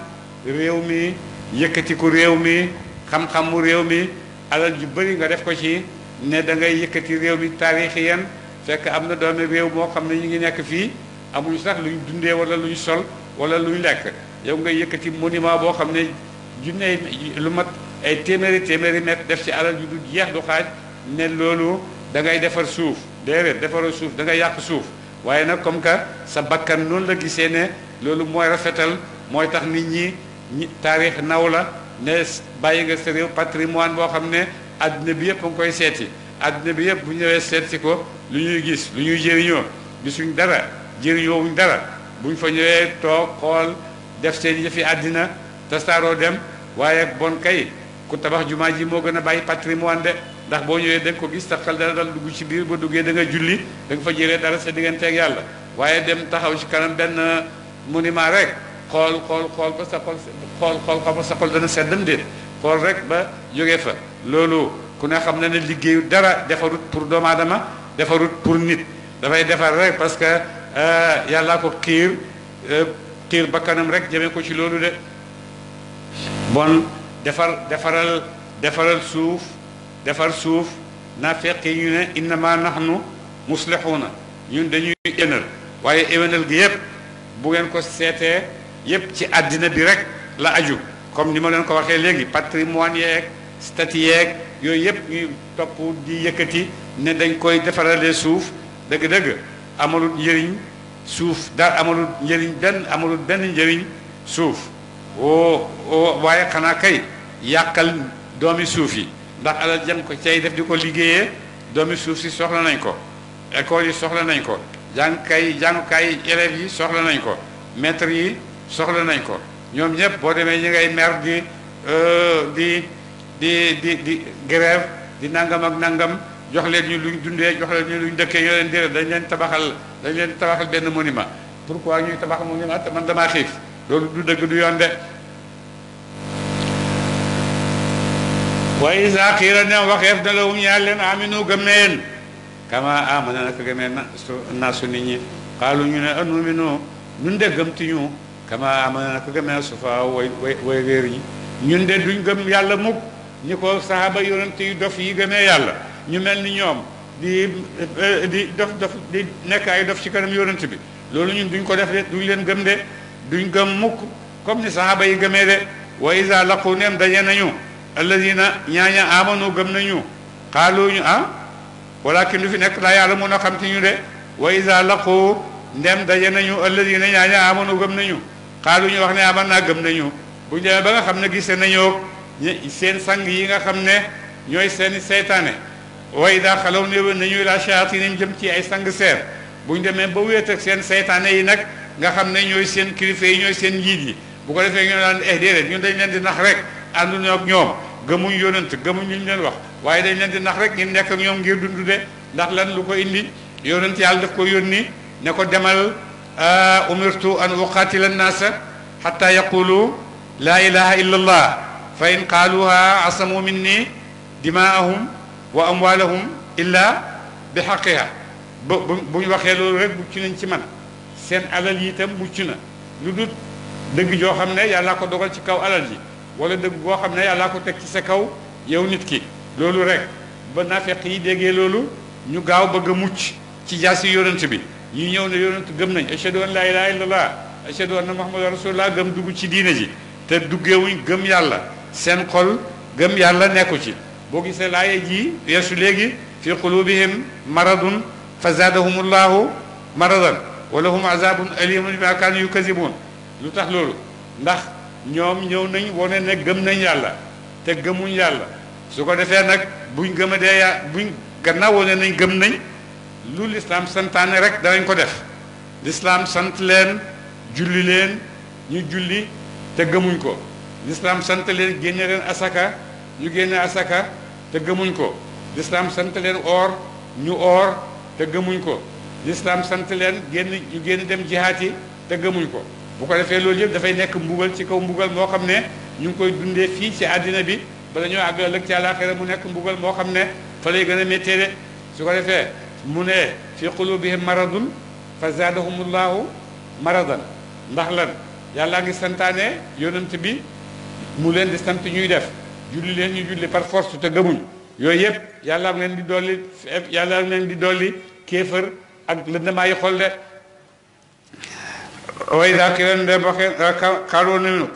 réew mi yëkkatiku réew mi xam-xamu réew mi alal ju bëri nga def ko ci ne da ngay yëkkati réew mi taarixi yan fekk am na doomi réew moo xam ne ñu ngi nekk fii amuñu sax ñu dundee wala luñ sol wala luñ lekk yow nga yëkkati monument boo xam ne junne lu mat ay téeméeri téeméeri mètre def ci alal ju du jeex du xaaj ne loolu da ngay defar suuf déedéet defaroo suuf da ngay yàq suuf waaye nag comme que sa bakkan noonu la gisee ne loolu mooy rafetal mooy tax nit ñi ñi taarix naw la ne bàyyi nga sa réew patrimoine boo xam ne adduna bi yëpp a koy seeti adduna bi yëpp bu ñëwee seeti ko lu ñuy gis lu ñuy jëriñoo gisuñ dara jëriñoo wuñ dara buñ fa ñëwee toog xool def seen yëfi àddina tasaaroo dem waaye bon kay ku tabax jumaa ji moo gën a bàyyi patrimoine de ndax boo ñëwee da nga ko gis sa xel dana dal dugg ci biir ba duggee da nga julli da nga fa jëlee dara sa digganteeg yàlla waaye dem taxaw ci kanam benn monument rek xool xool xool ba sa xol xool xool xool rek ba jóge fa loolu ku ne xam ne na ne liggéeyu dara defarut pour doomu aadama defarut pour nit dafay defar rek parce que euh, yàllaa ko xiir euh, xiir bakkanam rek jëmee ko ci loolu de bon defar defaral defaral suuf defar suuf naa fekkee ñu ne innama nahnu muslihuuna ñun dañuy éwénal waaye éwénal gi yépp bu ngeen ko seetee yépp ci àddina bi rek la aju comme ni ma leen ko waxee léegi patrimoine yeeg statut yeeg yooyu yépp ñuy topp di yëkkati ne dañ koy defaralee suuf dëgg-dëgg amalut njëriñ suuf daal amalu njëriñ benn amalut benn njëriñ suuf oo oo waaye xanaa kay yàqal doomi suuf yi ndax alal jëm ko cay def di ko liggéeyee doomi suuf si soxla nañ ko école yi soxla nañ ko jàngukaay jàngukaay élèves yi soxla nañ ko maître yi soxla nañ ko ñoom ñëpp boo demee ñi ngay mer di euh, di di di di grève di nangam ak nangam jox leen ñu luñ dundee jox leen ñu luñ dëkkee ñoo leen dire dañ leen tabaxal dañ leen tabaxal benn monument pourquoi ñuy tabax monument te man damaa xiif loolu du dëgg du yoon de wa isa xiira ne waxeef na lawum ñaar leen aminu gëmmeen kama amana naka gëmmeen na su nit ñi xaalu ñu ne anuminu ñun de gëmtiñu kama amana na ko gëmee sufa way way way réer ñi ñun de duñ gëm yàlla mukk ñi ko saxaaba yonent yu dof yi gëmee yàlla ñu mel ni ñoom di eh, di dof dof di nekk ay dof ci kanam yonent bi loolu ñun duñ ko def de duñ leen gëm de duñ gëm mukk comme ni saxaaba yi gëmee de wa isa laqu daje nañu alladina ñaaña amanu gëm nañu xaaloo ñu ah walakin du fi nekk laa yàlla mun a xam ci ñu de wa isa ndem daje nañu alladina ñaaña amanu gëm nañu xaalu ñu wax ne aman naa gëm nañu bu ñu demee ba nga xam ne gise nañoo seen sang yi nga xam ne ñooy seeni seytaane way daa xalaw néew nañu la shayaatinim jëm ci ay sang seer bu ñu demee ba wéet seen seytaane yi nag nga xam ne ñooy seen kilifa yi ñooy seen njiit yi bu ko defee ñoo naan eh déedéet ñun dañ leen di nax rek ànduñu ak ñoom gëmuñ yonent gëmuñ li ñu leen wax waaye dañ leen di nax rek ñu nekk ak ñoom ngir dund de ndax lan lu ko indi yonent yàlla daf ko yónni ne ko demal umirtu an uqaatila annaasa xatta yaqulu laa ilaha illa allah fa in qaaluha asamu minni dimaahum wa amwaalahum illa bi xaqiha ba bu ñu waxee loolu rek mucc nañ ci man seen alal yi itam na lu dul dëgg joo xam ne yàllaa ko dogal ci kaw alal ji wala dëgg goo xam ne yàllaa ko teg ci sa kaw yow nit ki loolu rek ba nafeq yi déggee loolu ñu gaaw bëgg a mucc ci jaasi yonent bi ñi ñëw ne yonent gëm nañ ashhadu an laa ilaaha illallah ashhadu anna muhammadan rasulullah gëm dugg ci diine ji te duggewuñ gëm yàlla seen xol gëm yàlla nekku ci boo gisee laaye ji yeesu léegi fi qulubihim maradun fa zaadahumullahu maradan wala hum azabun alimun bima kaanu yukazibun lu tax loolu ndax ñoom ñëw nañ wane ne gëm nañ yàlla te gëmuñ yàlla su ko defee nag buñ gëm a dee buñ gannaaw wone nañ gëm nañ lu lislaam santaane rek danañ ko def lislaam sant leen julli leen ñu julli te gëmuñ ko lislaam sant leen génne leen asaka ñu génne asaka te gëmuñ ko lislaam sant leen or ñu or te gëmuñ ko lislaam sant leen génn ñu génn dem jihaat yi te gëmuñ ko bu ko defee loolu yëpp dafay nekk mbugal ci kaw mbugal moo xam ne ñu ngi koy dundee fii ci àddina bi bala ñoo àgg ëllëg ci àllaaxira mu nekk mbugal moo xam ne fa lay gën a méttee de su ko defee mu ne fi qulubihim maradun fa zaadahumullahu maradan ndax lan yàllaa ngi santaane yonent bi mu leen di sant ñuy def julli leen ñu julli par force te gëmuñ yooyu yëpp yàllaa ngi leen di dolli yàllaa ngi leen di dolli kéefër ak lëndamaayu xol de way daa leen de boxe xaloo nañu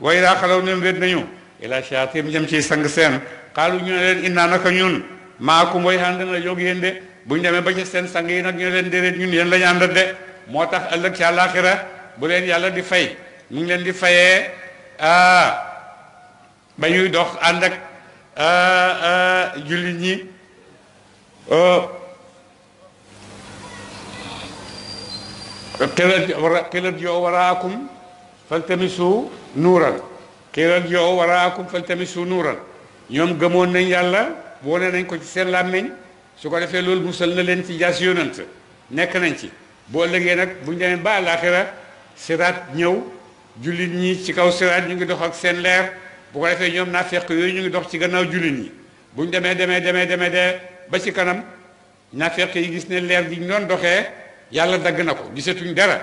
way daa xalaw nañu wét nañu jem shatim jëm ci sang seen xaalu ñu ne leen innaa naka ñun maakum way ànd na jóg yéen de bu ñu demee ba ci seen sang yi nag ñu leen déedéet ñun yéen la ñu àndal de moo tax ëllëg ci àllaaxira bu leen yàlla di fay mu ngi leen di fayee ah ba ñuy dox ànd ak ah, ah, jullit ñi qilat oh. yow waraakum faltamisu nuuran qilat yow waraakum faltamisu nuuran ñoom gëmoon nañ yàlla boole nañ ko ci seen làmmiñ su ko defee loolu musal na leen ci jaas yoonant nekk nañ ci boo lëgee nag bu ñu demee ba àllaaxira siraat ñëw jullit ñi ci kaw siraat ñu ngi dox ak seen leer bu ko defee ñoom naa fekk yooyu ñu ngi dox ci gannaaw jullit ñi bu ñu demee demee demee de ba ci kanam naa fekk yi gis ne leer gi ñu doon doxee yàlla dagg na ko gisatuñ dara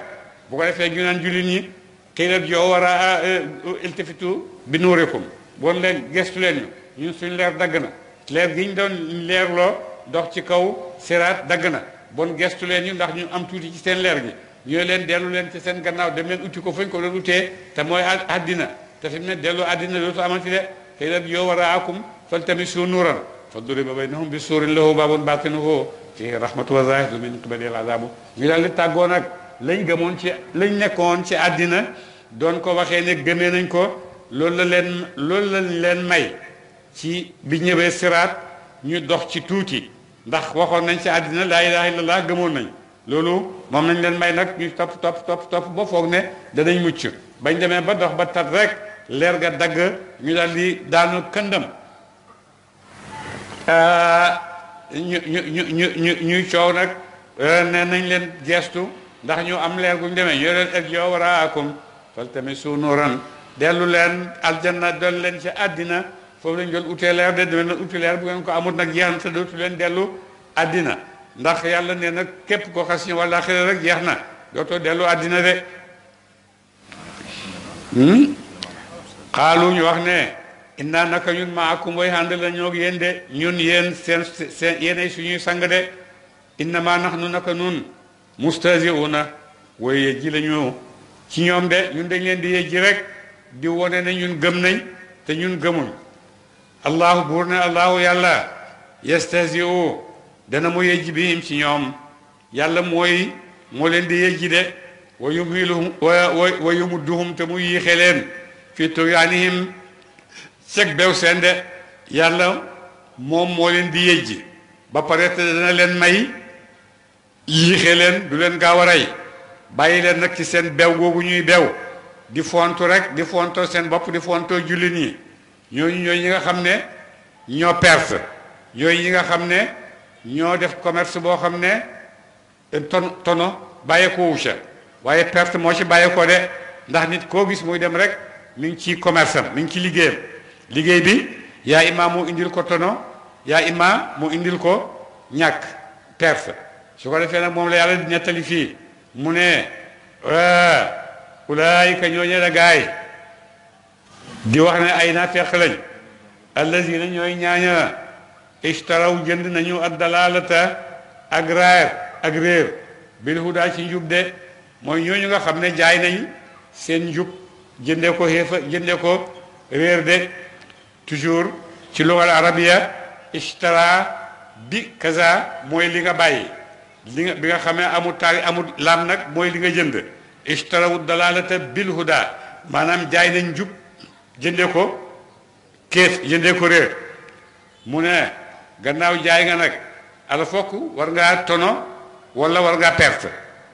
bu ko defee ñu naan jullit ñi kii la joo war a uh, iltafitu bi nuurikum woon leen gestu leen ñu ñun suñ leer dagg na leer gi ñu doon leerloo dox ci kaw siraat dagg na bon gestu leen ñu ndax ñu am tuuti ci seen leer gi ñooy leen dellu leen ci seen gannaaw dem leen utti ko fañ ko doon utee te mooy àddina te fi mu ne delloo àddina dootu amati de xëy na yoo war a akum faltamisu nuuran faduriba baynahum bi suurin lahu baabun baatinuhu fiihi rahmatu wa zaahiruhu min qibalihi al-azaabu ñu daal di tàggoo nag lañ gëmoon ci lañ nekkoon ci àddina doon ko waxee ne gëmee nañ ko loolu la leen loolu lañ leen may ci bi ñëwee siraat ñu dox ci tuuti ndax waxoon nañ ci àddina laa ilaha illallah gëmoon nañ loolu moom nañ leen may nag ñu topp topp topp topp ba foog ne danañ mucc bañ demee ba dox ba tat rek leer ga dagg ñu daal di daanu këndam ñu ñu ñuy coow nag neen nañ leen gestu ndax ñu am leer guñ demee ñoo leen ak yow waraakum faltamisu nuuran dellu leen aljanna doon leen ci àddina foofu lañ doon utee leer de dina ko amut nag jeex na te dootu leen dellu àddina ndax yàlla nee nag képp ko xas ñu wala xëy rek jeex na dootoo dellu àddina de. xaalu hmm? ñu wax ne inna naka ñun maakum way ànd la ñoo de ñun yéen seen seen yéenay suñuy sang de innama nahnu naka nun mustahzi'una way yëj ji la ñu ci ñoom de ñun dañ leen di yëj ji rek di wone ne ñun gëm nañ te ñun gëmuñ allahu burne allahu yàlla yestasiu dana mu yejji bihim ci ñoom yàlla mooy moo leen di yejji de wa yumhiluhum wa yumudduhum te mu yiixe leen fi tuyaanihim seg beew seen de yàlla moom moo leen di yejji ba pare te dana leen may yiixe leen du leen gaaw a rey leen nag ci seen beew googu ñuy beew di fontu rek di fontoo seen bopp di fontoo jullit ñooñu ñooy ñi nga xam ne ñoo perte ñooy ñi nga xam ne ñoo def commerce boo xam ne ton tono bàyyeekoo wu ca waaye perte moo ci bàyyeekoo de ndax nit koo gis muy dem rek mu ngi ci commerce am mi ngi ci liggéeyam liggéey bi yaa imaa moo indil ko tono yaa imaa moo indil ko ñàkk perte su ko defee nag moom la yàlla di nettali fii mu ne ah, ulaayika ñoo ñe la gaay di wax ne ay naafeq lañ allazina ñooy ñaaña ishtaraw jënd nañu ad dalalata ak raer ak réer bil ci njub de mooy ñooñu nga xam ne jaay nañ seen njub jënde ko xeefa jënde ko réer de toujours ci lugal arabia ishtara bi kaza mooy li nga bàyyi li bi nga xamee amul taari amul laam nag mooy li nga jënd ishtarawu dalalata bil maanaam jaay nañ njub jënde ko kees jëndee ko réer mu ne gannaaw jaay nga nag ala fokk war ngaa tono walla war ngaa perte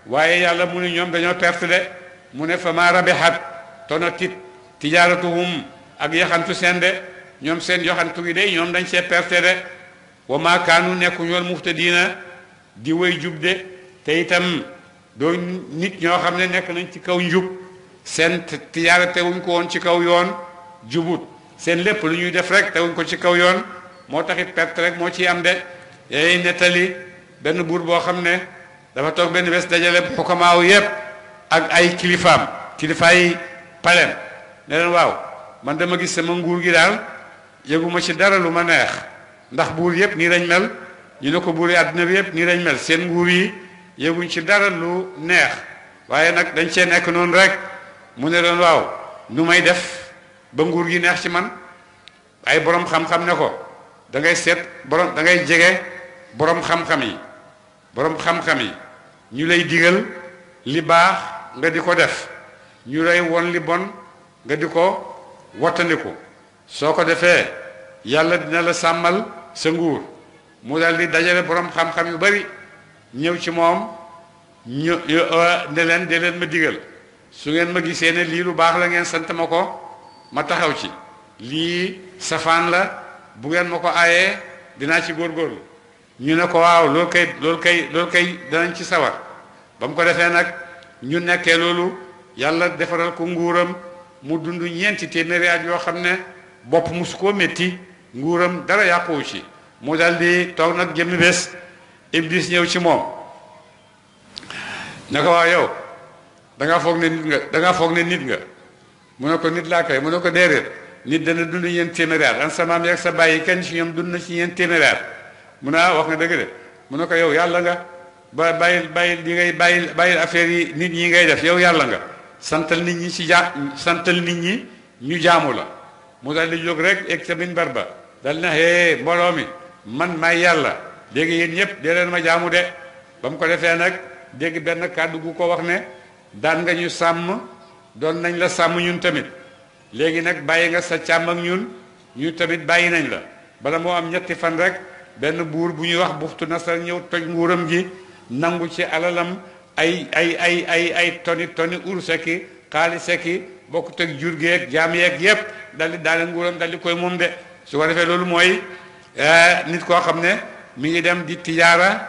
waaye yàlla mu ne ñoom dañoo perte de mu ne fama rabihat tono tit tijaaratuhum ak yaxantu seen de ñoom seen yaxantu gi de ñoom dañ see perte de wa maa kaanu nekku ñoon muhtadiina di way jub de te itam doo nit ñoo xam ne nekk nañ ci kaw njub seen tijaarate wuñ ko woon ci kaw yoon jubut sen lépp lu ñuy def rek teguñ ko ci kaw yoon moo taxit perte rek moo ciy am de yay nettali benn buur boo xam ne dafa toog benn bés dajale xukamaaw yépp ak ay kilifaam kilifa yi palem ne leen waaw man dama gis sama nguur gi daal yëguma ci dara lu ma neex ndax buur yépp nii lañ mel ñu ne ko buur yi bi yépp nii lañ mel seen nguur yi yëguñ ci dara lu neex waaye nag dañ cee nekk noonu rek mu ne leen waaw nu may def ba nguur gi neex ci man ay borom xam-xam ne ko da ngay seet borom da ngay jege borom xam-xam yi borom xam-xam yi ñu lay digal li baax nga di ko def ñu lay won li bon nga di ko wattandiku soo ko defee yàlla dina la sàmmal sa nguur mu dal di dajale borom xam-xam yu bari ñëw ci moom ñu euh, ne leen de leen ma digal su ngeen ma gisee ne lii lu baax la ngeen sant ma ko ma taxaw ci lii safaan la bu ngeen ma ko aayee dinaa ci góorgóorlu ñu ne ko waaw loolu kay loolu kay loolu kay danañ ci sawar ba mu ko defee nag ñu nekkee loolu yàlla defaral ko nguuram mu dund ñeenti téeméeri at yoo xam ne bopp su koo metti nguuram dara yàquwu ci mu dal di toog nag jëmmi bés iblis ñëw ci moom ne ko waaw yow da foog ne nit nga da foog ne nit nga mu ne ko nit laa kay mu ne ko déedéet nit dana dund yéen téeméer an sa maam yeeg sa bàyyi kenn ci ñoom dund na ci yéen téeméer mun ne ah wax nga dëgg de mu ne ko yow yàlla nga ba bàyyil bàyyil ñi ngay bàyyil bàyyil affaire yi nit ñi ngay def yow yàlla nga santal nit ñi ci ja santal nit ñi ñu jaamu la mu daal di jóg rek egg ca minbar ba dal na hee mbooloo mi man maay yàlla léegi yéen ñëpp dee ma jaamu de ba mu ko defee nag dégg benn kàddu gu ko wax ne daan nga ñu sàmm doon nañ la sàmm ñun tamit léegi nag bàyyi nga sa càmm ak ñun ñu tamit bàyyi nañ la bala moo am ñetti fan rek benn buur bu ñuy wax buxtu sa ñëw toj nguuram gi nangu ci alalam ay ay ay ay ay toni toni urseki xaaliseki bokkut ak jur geeg jaam yeeg yépp daldi daale nguuram daldi koy moom de su ko defee loolu mooy eh, nit koo xam ne mi ngi dem di tijaara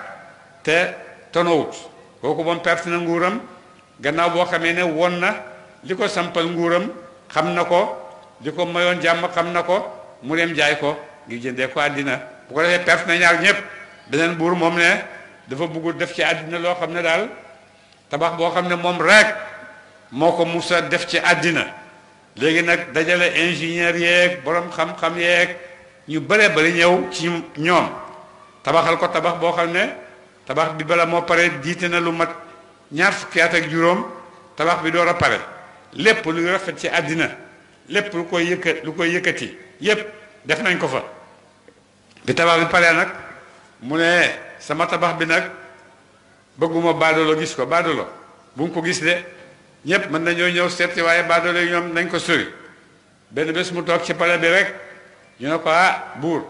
te tonowut kooku moom perte nguuram gannaaw boo xamee ne won na li ko sampal nguuram xam na ko li ko mayoon jàmm xam na ko mu dem jaay ko ngir jëndee ko àddina bu ko defee perte na ñaar ñëpp beneen buur moom ne dafa bëggul def ci àddina loo xam ne daal tabax boo xam ne moom rek moo ko musa def ci àddina léegi nag dajale ingénieur yeeg borom xam-xam yeeg ñu bëree bari ñëw ci ñoom tabaxal ko tabax boo xam ne tabax bi bala moo pare jiite na lu mat ñaar fukki at ak juróom tabax bi door a pare lépp luy rafet ci àddina lépp lu koy yëkkat lu koy yëkkati yépp def nañ ko fa bi tabax bi paree nag mu ne sama tabax bi nag bëgguma baadolo gis ko baadolo bu mu ko gis de ñépp mën nañoo ñëw seeti waaye baadolo yi ñoom nañ ko sori benn bés mu toog ci pale bi rek ñu ne ko ah buur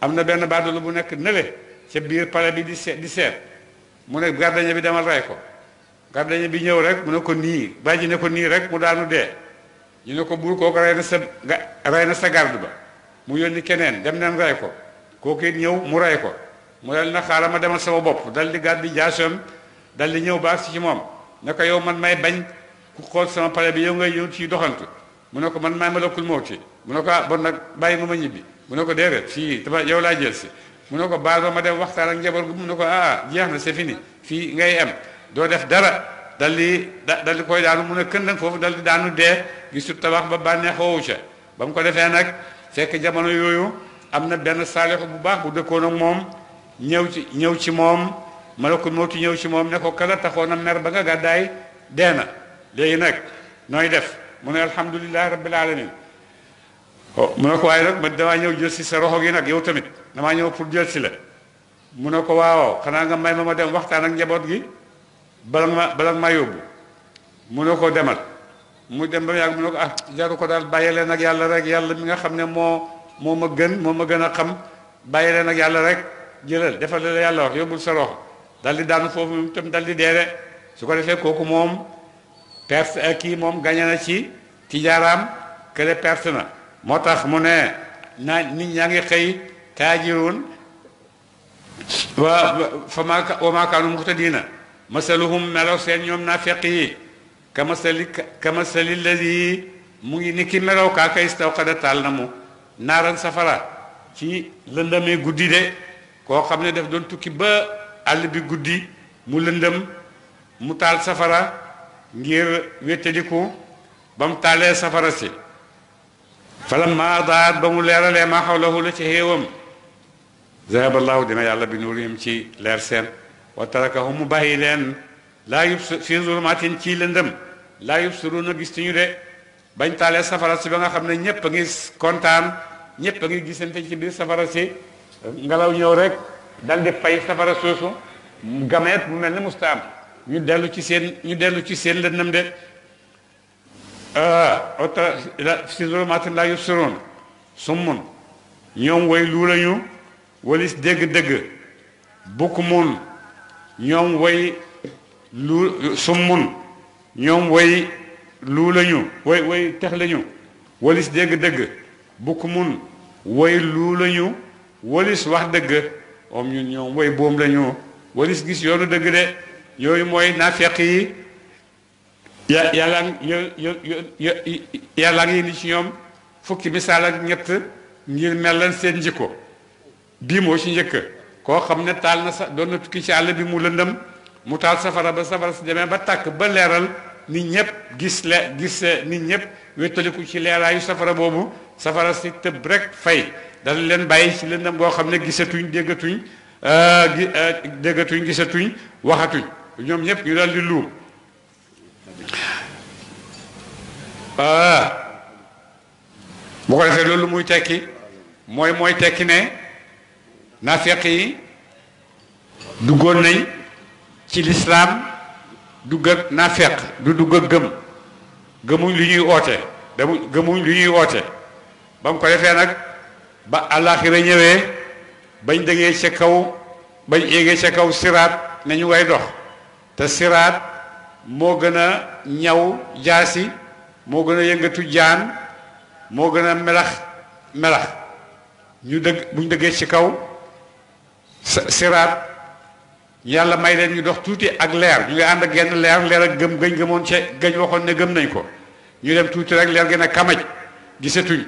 am na benn baadolo bu nekk nële ca biir pale bi di seet di seet mu ne gardien bi demal rey ko gardien bi ñëw rek mu ne ko nii bàjji ne ko nii rek mu daanu dee ñu ne ko buur kooku rey na sa rey na sa garde ba mu yónni keneen dem neen rey ko kooku it ñëw mu rey ko mu dal na xaaral ma demal sama bopp dal di garde bi jaasam dal di ñëw baax si ci moom ne ko yow man may bañ ku xool sama pale bi yow ngay ñëw ci doxantu mu ne ko man maay malakul ci mu ne ko ah bon nag bàyyi ma ma ñibbi mu ne ko déedéet fii dama yow laa jël si mu ne ko baal ma dem waxtaan ak njaboot gu mu ne ko ah jeex na c'est fii ngay am doo def dara dal di dal di koy daanu mun a këndang foofu dal di daanu dee gisul tabax ba bànneex woowu ca ba mu ko defee nag fekk jamono yooyu am na benn saalixu bu baax bu dëkkoon ak moom ñëw ci ñëw ci moom malakul mawtu ñëw ci moom ne ko kala taxoon a mer ba nga gàddaay dee na léegi nag nooy def mu ne alhamdulilahi rabbil alamin oh, mu ne ko waaye nag man damaa ñëw jël si sa roxo gi nag yow tamit damaa ñëw pour jël si la mu ne ko waaw xanaa nga may ma ma dem waxtaan ak njaboot gi bala ma bala yóbbu mu ne ko demal mu dem ba mu yàgg mu ne ko ah jaru ko daal bàyyi leen ak yàlla rek yàlla mi nga xam ne moo moo ma gën moo ma gën a xam bàyyi leen ak yàlla rek jëlal defal la yàlla wax yóbbul sa rox dal di daanu foofu itam dal di deere su ko defee kooku moom perte eh, kii moom gañe na ci tijaaraam kële perte na moo tax mu ne naa nit ñaa ngi xëy taajiroon wa fa maa wa maa kaanu muhtadiina masaluhum melow seen ñoom naafeq yi ka masali ka masali mu ngi ni ki melaw kaa kay stawqada taal na mu naaran safara ci lëndamee guddi de koo xam ne daf doon tukki ba àll bi guddi mu lëndëm mu taal safara ngir wéttadiku ba mu taalee safara si falamma daat ba mu leeralee maa xawlahu la ci xéewam zahaba dina yàlla bi nuurihim ci leer seen wa tarakahum mu bàyyi leen laa yub fi zulmatin ci lëndëm laa yup yubsiruna gis ci ñu de bañ taalee safara si ba nga xam ne ñépp a ngi kontaan ñépp a ngi gisante ci biir safara si ngelaw ñëw rek dal di fay safara soosu gameet mu mel ni mustaam ñu dellu ci seen ñu dellu ci seen lëndëm de ota ah, fi zulumaatin laa yubsiruun summun ñoom way luu lañu walis dégg-dégg bukk mun ñoom way lu summun ñoom woy luu lañu way way tex lañu walis dégg-dëgg bukk mun way luu lañu walis wax dëgg om ñun ñoom way boom lañu walis gis yoonu dëgg de yooyu mooy naafeq yi yàllaa yàllaa ni ci ñoom fukki misaal ak ñett ngir mellan seen njikko bii moo ci njëkk koo xam ne taal na sa doon na tukki ci àll bi mu lëndëm mu taal safara ba safara si demee ba tàkk ba leeral nit ñëpp gis le gis nit ñëpp wéttaliku ci leeraayu safara boobu safara si tëb rek fay dana leen bàyyi ci lëndëm boo xam ne gisatuñ déggatuñ euh, euh, déggatuñ gisatuñ waxatuñ ñoom ñëpp ñu daal di luur euh, bu ko defee loolu muy tekki mooy mooy tekki ne naafeq yi duggoon nañ ci lislaam dugg ak du dugg gëm gëmuñ lu ñuy oote damu gëmuñ li ñuy oote ba ko defee nag ba àllaaxira ñëwee bañ dëggee ca kaw bañ éegee ca kaw siraat nañu way dox te siraat moo gën a ñaw jaasi moo gën a yëngatu jaan moo gën a melax melax ñu dëgg buñ dëggee ci kaw siraat yàlla may leen ñu dox tuuti ak leer ñu ngi ànd ak genn leer leer ak gëm gañ gëmoon ce gañ waxoon ne gëm nañ ko ñu dem tuuti rek leer gën a kamaj gisatuñ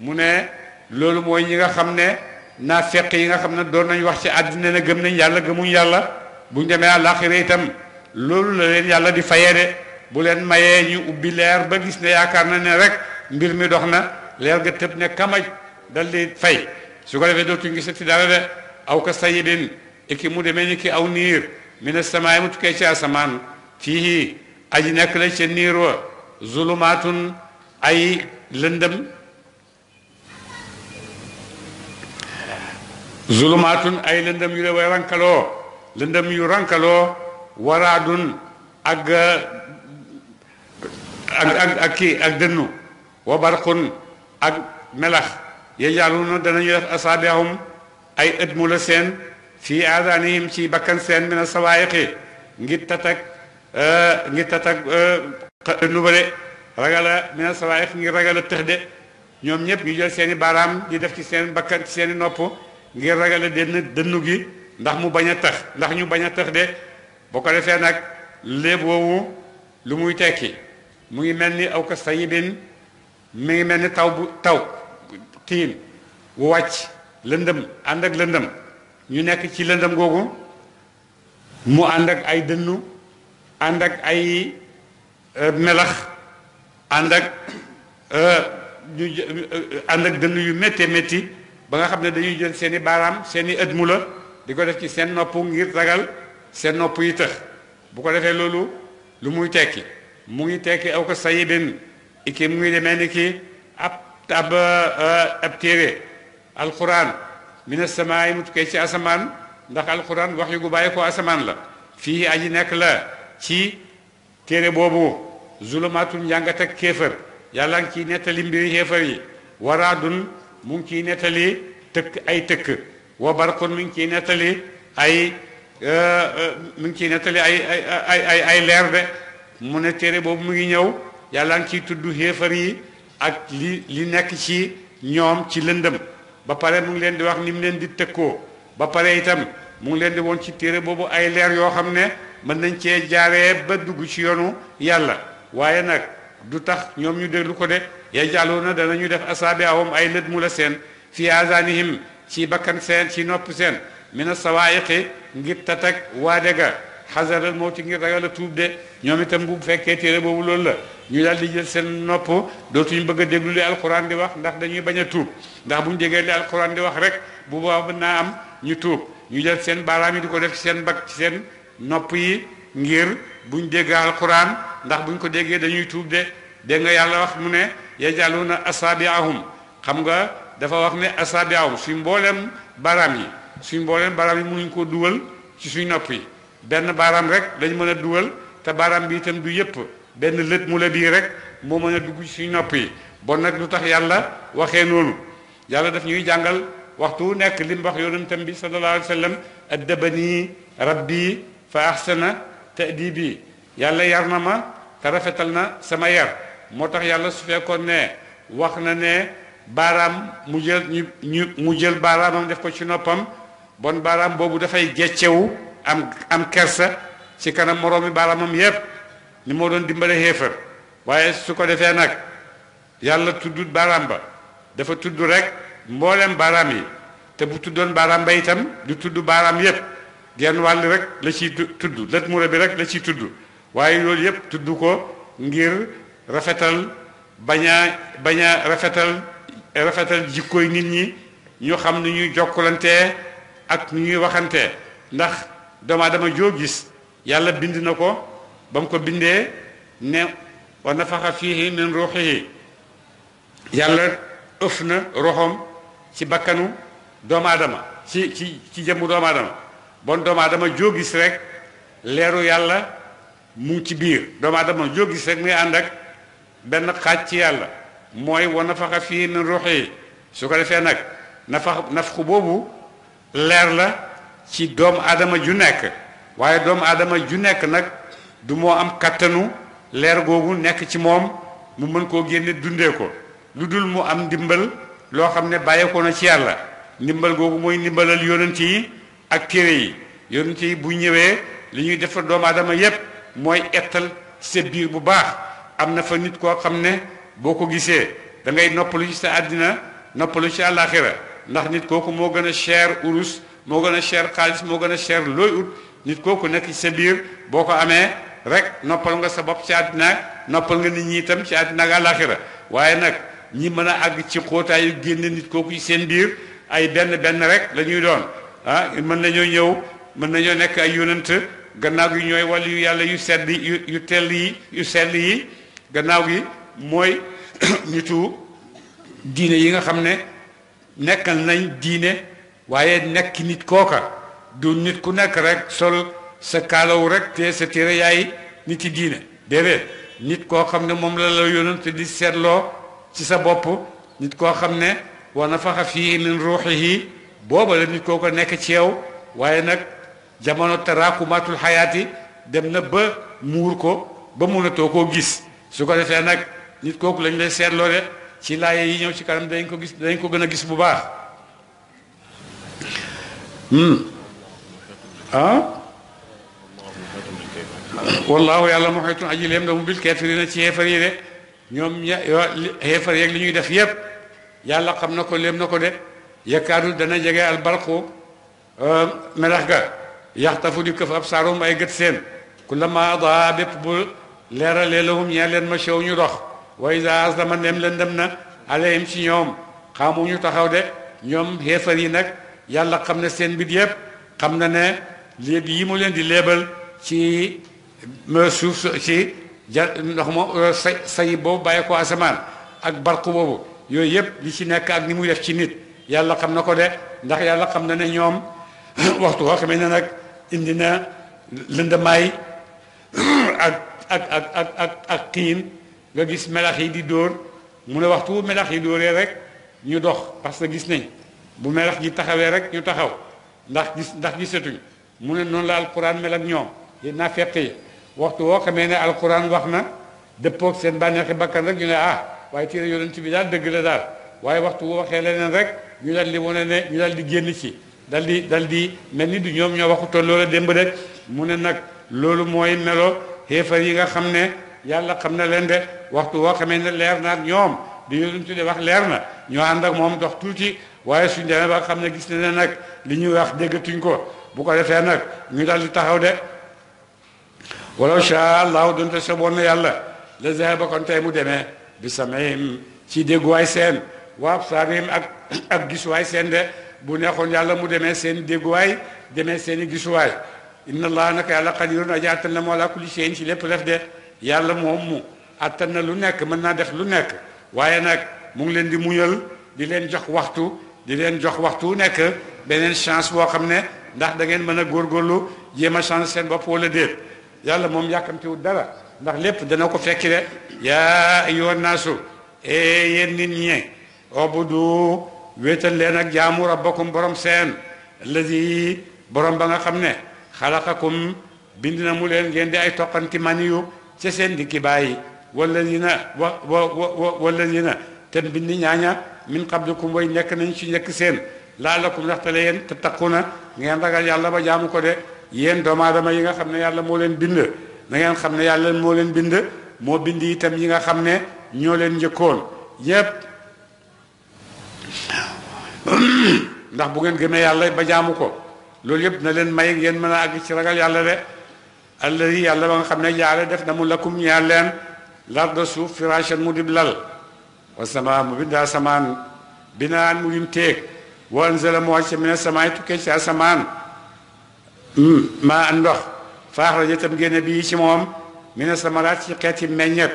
mu ne loolu mooy ñi nga xam ne naa feq yi nga xam ne doon nañu wax ci àddina ne gëm nañ yàlla gëmuñ yàlla buñ demee àllaaxira itam loolu la leen yàlla di fayee de bu leen mayee ñu ubbi leer ba gis ne yaakaar na ne rek mbir mi dox na leer ga tëb ne kamaj dal di fay su ko defee dootuñ aw ka sayidin iki mu deme ni aw niir mina samaay mu tukkee ci asamaan fii aji nekk la ca niir wa zulumaatun ay lëndëm zulumaatun ay lëndëm yu la way lëndëm yu rankaloo waraadun ak ak ak ak kii ak dënnu wa barqun ak melax yajaaluna danañu def asaabiahum اي ادمو لسين في اذانهم شي بكن سين من السوايق نيتتك ا آه، نيتتك آه، قلو بري رجال من السوايق ني رجال تخدي نيوم نيب ني جيل سين بارام دي داف سي سين بكن سين نوبو ني رجال دن دنو غي ndax mu baña tax ndax ñu baña tax de bu ko defé nak leb wowo lu muy tekki mu ngi melni aw ka sayibin mi ngi melni taw taw tin wacc lëndëm ànd ak lëndëm ñu nekk ci lëndëm googu mu ànd ak ay dënnu ànd ak ay euh, melax ànd ak euh, ñu euh, dënnu yu méttee metti ba nga xam ne dañuy jël seeni baaraam seeni i ët mu la di ko def ci seen noppu ngir ragal seen noppu yi bu ko defee loolu lu muy tekki mu ngi tekki aw ko sayibin iki mu ngi demee ni ki ab tab ab téere القران من السماء متكي اسمان داخ القران وحي غو بايكو لا فيه اجي نيك لا تي تيري بوبو ظلمات نجانتا كيفر كي نيتالي مبي هيفر وراد مون كي تك اي تك وبرق من كي نيتالي اي آه، آه، من كي نيتالي اي اي اي اي لير ده مون تيري بوبو مغي نيو يالا كي تودو هيفر اك لي لي نيك ba pare mu ngi leen di wax ni mu leen di tëkkoo ba pare itam mu ngi leen di woon ci téere boobu ay leer yoo xam ne mën nañ cee jaaree ba dugg ci yoonu yàlla waaye nag du tax ñoom ñu déglu ko de ya na yajaluuna danañu def asaabi awam ay lët mu la seen fi azanihim ci bakkan seen ci nopp seen mina sawaayiqi ngir tatak waade ga xasaral mawti ngir ragal a tuub de ñoom itam bu fekkee téere boobu loolu la ñu daal di jël seen nopp dootuñu bëgg a déglu li alquran di wax ndax dañuy bañ a tuub ndax bu ñu déggee li alquran di wax rek bu boobaa mën naa am ñu tuub ñu jël seen baaraam yi di ko def ci seen bag ci seen nopp yi ngir bu ñu déggee alquran ndax bu ñu ko déggee dañuy tuub de dégg nga yàlla wax mu ne na asabiahum xam nga dafa wax ne asabiahum suñ mbooleem baraam yi suñ mbooleem baaraam yi mënuñ koo dugal ci suñ nopp yi benn baaraam rek lañ mën a dugal te baaraam bi itam du yëpp benn lët mu la bii rek moo mën a dugg ci nopp yi bon nag lu tax yàlla waxee noonu yàlla def ñuy jàngal waxtu nekk lim wax wax yonentam bi sallallahu alayhi wa yi addabani rabbi fa ahsana ta'dibi yàlla yar na ma te rafetal na sama yar moo tax yàlla su fekkoon ne wax na ne baaraam mu jël ñu ñu mu jël baaraamam def ko ci noppam bon baaraam boobu dafay geccewu am am kersa ci kanam moroomi baaraamam yépp ni moo doon dimbale xéefar waaye su ko defee nag yàlla tudd baaraam ba dafa tudd rek mboolem baaraam yi te bu tuddoon baaraam ba itam du tudd baaraam yépp genn wàll rek la ciy tudd lët mura bi rek la ciy tudd waaye loolu yépp tudd ko ngir rafetal baña baña rafetal rafetal jikkooy nit ñi ñu xam ni ñuy jokkalantee ak nu ñuy waxantee ndax doomu aadama joo gis yàlla bind na ko ba mu ko bindee ne wa nafaxa fiihi min ruuxihi yàlla ëf na roxom ci bakkanu doomu aadama ci ci ci jëmmu doomu aadama bon doomu aadama joo gis rek leeru yàlla mu ngi ci biir doomu aadama joo gis rek muy ànd ak benn xaaj ci yàlla mooy wa nafaxa fiihi min ruuxihi su ko defee nag nafa nafaxu boobu leer la ci doomu aadama ju nekk waaye doomu aadama ju nekk nag du moo am kattanu leer googu nekk ci moom mu mën koo génne dundee ko lu dul mu am ndimbal loo xam ne bàyyeekoo na ci yàlla ndimbal googu mooy ndimbalal yonent yi ak téere yi yonent yi bu ñëwee li ñuy defar doomu aadama yépp mooy ettal sa biir bu baax am na fa nit koo xam ne boo ko gisee dangay ngay noppalu ci sa àddina noppalu ci àllaaxira ndax nit kooku moo gën a cher urus moo gën a cher xaalis moo gën a cher looy ut nit kooku nekk ci sa biir boo ko amee rek noppal nga sa bopp ci àddina noppal nga nit ñi itam ci àddina ak àllaaxira waaye nag ñi mën a àgg ci xóotaayu génn nit kooku ci seen biir ay benn benn rek lañuy doon ah, mën nañoo ñëw mën nañoo nekk ay yonent gannaaw gi ñooy wàll yàlla yu sedd yu yu tell yi yu sell yi gannaaw gi mooy [COUGHS] nitu diine yi nga xam ne nekkal nañ diine waaye nekk nit kooka du nit ku nekk rek sol sa kaalaw rek te sa téere yaay nit ki diine déedéet nit koo xam ne moom la la yónent di seetloo ci sa bopp nit koo xam ne wa nafaxa fii min yi booba la nit koo ko nekk ci yow waaye nag jamono tarakumaatul xayaati dem na ba muur ko ba mënatoo koo gis su ko defee nag nit kooku lañ lay seetloo de ci laaye yi ñëw ci kanam dañ ko gis dañ ko gën a gis bu baax hmm. ah? والله يلا محيط عجيلهم لهم بالكافرين تيفري ده نيوم إيه يا هيفر يك لي ني داف ييب يالا خم نكو ليم نكو ده يكادو دنا جيغي البرقو آه، ملخغا يختف دي كف ابصارهم اي گت سين كلما اضا ببل لرا لهم يا لين مشو ني روخ واذا اسلم نم لن دمنا عليهم سي نيوم خامو ني تاخاو ده نيوم هيفر نك يالا خم سين بيد ييب خم مولين دي ليبل سي suuf si ja ndox ma say say boobu bàyyi ko asamaan ak barku boobu yooyu yëpp li ci nekk ak ni muy def ci nit yàlla xam na ko de ndax yàlla xam na ne ñoom waxtu woo xamee ne nag indi na lëndamaay ak ak ak ak ak ak xiin nga gis melax yi di dóor mu ne waxtu bu melax yi dóoree rek ñu dox parce que gis nañ bu melax ji taxawee rek ñu taxaw ndax gis ndax gisatuñ mu ne noonu la alquran mel ak ñoom yéen naa fekk yi waxtu woo xamee ne alquran wax na dëppoog seen bànneexi bakkan rek ñu ne ah waaye téere yonent bi daal dëgg la daal waaye waxtu woo waxee leneen rek ñu daal di wane ne ñu daal di génn ci dal di dal di mel ni du ñoom ñoo waxutoon loola démb rek mu ne nag loolu mooy melo xéefar yi nga xam ne yàlla xam na leen de waxtu woo xamee ne leer na ak ñoom di yonent di wax leer na ñoo ànd ak moom dox tuuti waaye suñ demee ba xam ne gis na ne nag li ñuy wax déggatuñ ko bu ko defee nag ñu daal di taxaw de walo sha allahu donte soboon na yàlla la zahaba kon mu demee bi samihim ci dégguwaay seen wa absaarihim ak ak gisuwaay seen de bu neexoon yàlla mu demee seen dégguwaay demee seen i gisuwaay inna laa naka yàlla qadirun aji attan na mu ala kulli shay'in ci lépp def de yàlla moom mu attan na lu nekk mën naa def lu nekk waaye nag mu ngi leen di muñal di leen jox waxtu di leen jox waxtu nekk beneen chance boo xam ne ndax da ngeen mën a góor góorgóorlu jéem a chance seen bopp wala déet yàlla moom yàkkamtiwul dara ndax lépp dana ko fekki re ya ayyuhan nasu e yen nit ñe obudu wetal len ak jamu rabbakum borom sen alladi borom ba nga xamne khalaqakum bindina mu len ngeen di ay tokanti maniyu ca seen dikki bàyyi walladina wa wa wa walladina tan bindi ñaña min qablukum way nek nañ ci nek sen la lakum naxtale yen te ngeen ragal yàlla ba jamu ko de yéen doomu aadama yi nga xam ne yàlla moo leen bind na ngeen xam ne yàlla moo leen bind moo bind itam yi nga xam ne ñoo leen njëkkoon yépp ndax bu ngeen gëmee yàlla ba jaamu ko loolu yëpp na leen may ngeen mën a àgg ci ragal yàlla de alladi yàlla ba nga xam ne jaale def na mu lakum ñaar leen larda suuf firaasan mu dib lal wa samaa mu bindaa samaan binaan mu lim téeg wa anzala mu wàcce mine samaay tukkee ci asamaan maa hmm, an ndox faaxraja tam génne bii ci moom mina samaraat ci xeeti meññet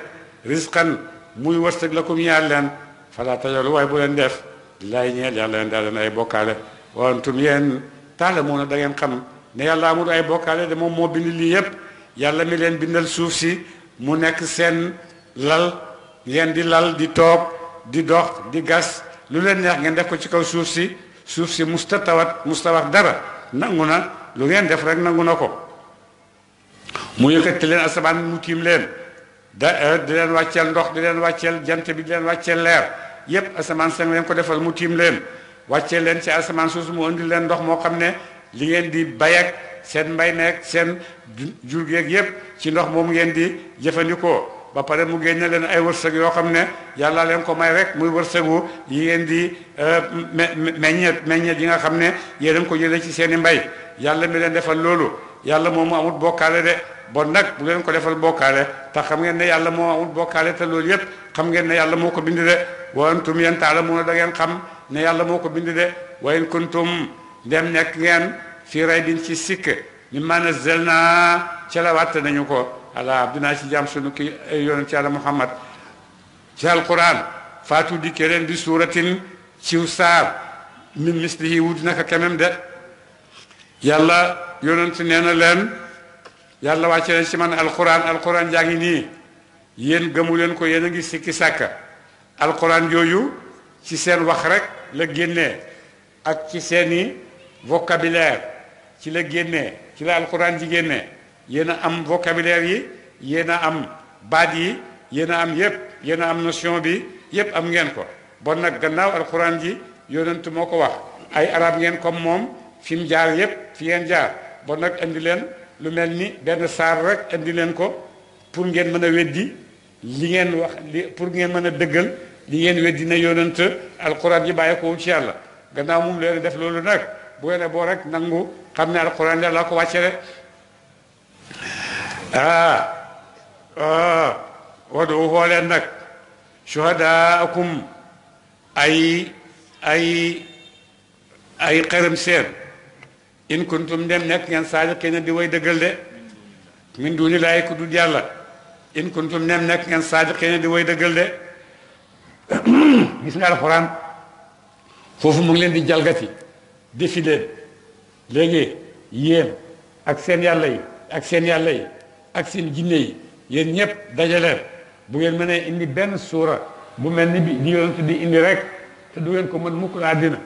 risqan muy wërsëg lakum ñaar leen fala tajalu waaye bu leen def lay ñeel yàlla leen daal leen ay bokkaale wantum yéen taalamuuna da ngeen xam ne ay de bind mi leen bindal suuf si mu nekk lal ngeen di lal di toog di dox di gas lu leen neex ngeen def ko ci kaw suuf suuf dara lu ngeen def rek nangu na ko mu yëkkati leen asamaan mu tiim leen da eh, di leen wàcceel ndox di leen wàcceel jant bi di leen wàcceel leer yépp asamaan sang leen ko defal mu tiim leen wàcceel leen ci asamaan suuf mu indi leen ndox moo xam ne li ngeen di bayeek seen mbay meek seen jur geeg yépp ci ndox moom ngeen di jëfandikoo ba pare mu génne leen ay wërsëg yoo xam ne yàlla leen ko may rek muy wërsëgu yi ngeen di euh, meññeet meññeet yi nga xam ne yéen ko jëlee ci seen i mbay yàlla mi leen defal loolu yàlla moomu amut bokkaale de bon nag bu leen ko defal bokkaale te xam ngeen ne yàlla moo amut loolu yépp xam ngeen ne yàlla moo ko bind de wa antum yéen ta'lamuuna da ngeen xam ne yàlla moo ko bind de wa in kuntum dem nekk ngeen fii raybin ci sikk mimmaa nazzalnaa ca la wàtte nañu ko ala dinaa ci jàm sunu ki yonent yàlla muhammad ci alquran faatu di kereen di suuratin ciw saar min mislihi wut naka kemem de yàlla yonent nee leen yàlla wàcce leen ci man alquran alquran jaa ngi nii yéen gëmu leen ko yéen a ngi sikki sàkka alquran yooyu ci seen wax rek la génnee ak ci seeni vocabulaire ci la génnee ci la alquran ji génnee yéen a am vocabulaire yi yéen a am baat yi yéen am yépp yéen am notion bi yépp am ngeen ko bon nag gannaaw alxuraan ji yonant moo ko wax ay arab ngeen comme moom fi mu jaar yépp fi ngeen jaar bon nag indi leen lu mel ni benn saar rek indi leen ko pour ngeen mën a weddi li ngeen wax li pour ngeen mën a dëggal li ngeen weddi ne yonent alxuraan ji bàyyi ko ci yàlla gannaaw moom leen def loolu nag bu ngeen boo rek nangu xam ne alxuraan yàlla ko wàcce ah ah wadu woo leen nag shuhadaakum ay ay ay xërëm seen in kuntum dem nekk ngeen saadiqiina di way dëggal de min duuni laay ku dul yàlla in kuntum dem nekk ngeen saadiqiina di way dëggal de [COUGHS] gis nga alxuraan foofu mu ngi leen di jalgati defi leen léegi yéen ak seen yàlla yi ak seen yàlla yi ak seen jinné yi yéen ñëpp dajaleen bu ngeen mënee indi benn suura bu mel ni bi di yonent di indi rek te du ngeen ko mën mukk laa dina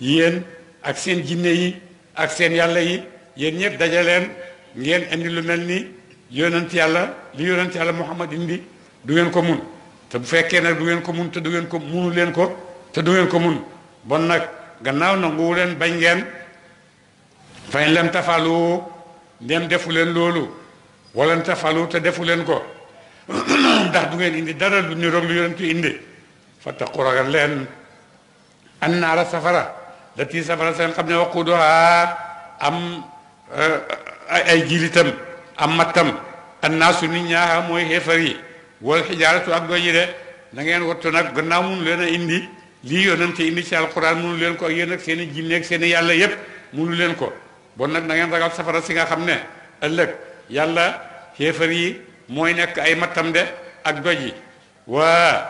yéen ak seen jinné yi ak seen yàlla yi yéen ñëpp dajaleen ngeen indi lu mel ni yonent yàlla li yonent yàlla Muhammad indi du ngeen ko mun te bu fekkee nag du ngeen ko mun te du ngeen ko munu leen ko te du ko mun bon nag gannaaw nanguwu leen bañ ngeen fayn leen tafalu ndem defu leen loolu walan tafalu te defu leen ko [CLEARS THROAT] ndax du ngeen indi dara lu niroog lu yonent indi fattaqu ragal leen an naara safara la tii safara seen xam ne waquuduha am eh, ay jilitam am mattam annaasu nit ñaaha mooy xeefar yi wal xijaaratu ak doji de na ngeen wattu nag gannaaw mënu leen a indi lii yonent indi ci alquran mënu leen ko ak yéen ak seen i jinne ak seen yàlla yépp mënu leen ko bon nag na ngeen ragal safara si nga xam ne ëllëg yàlla xéefar yi mooy nekk ay matam de ak doj yi waa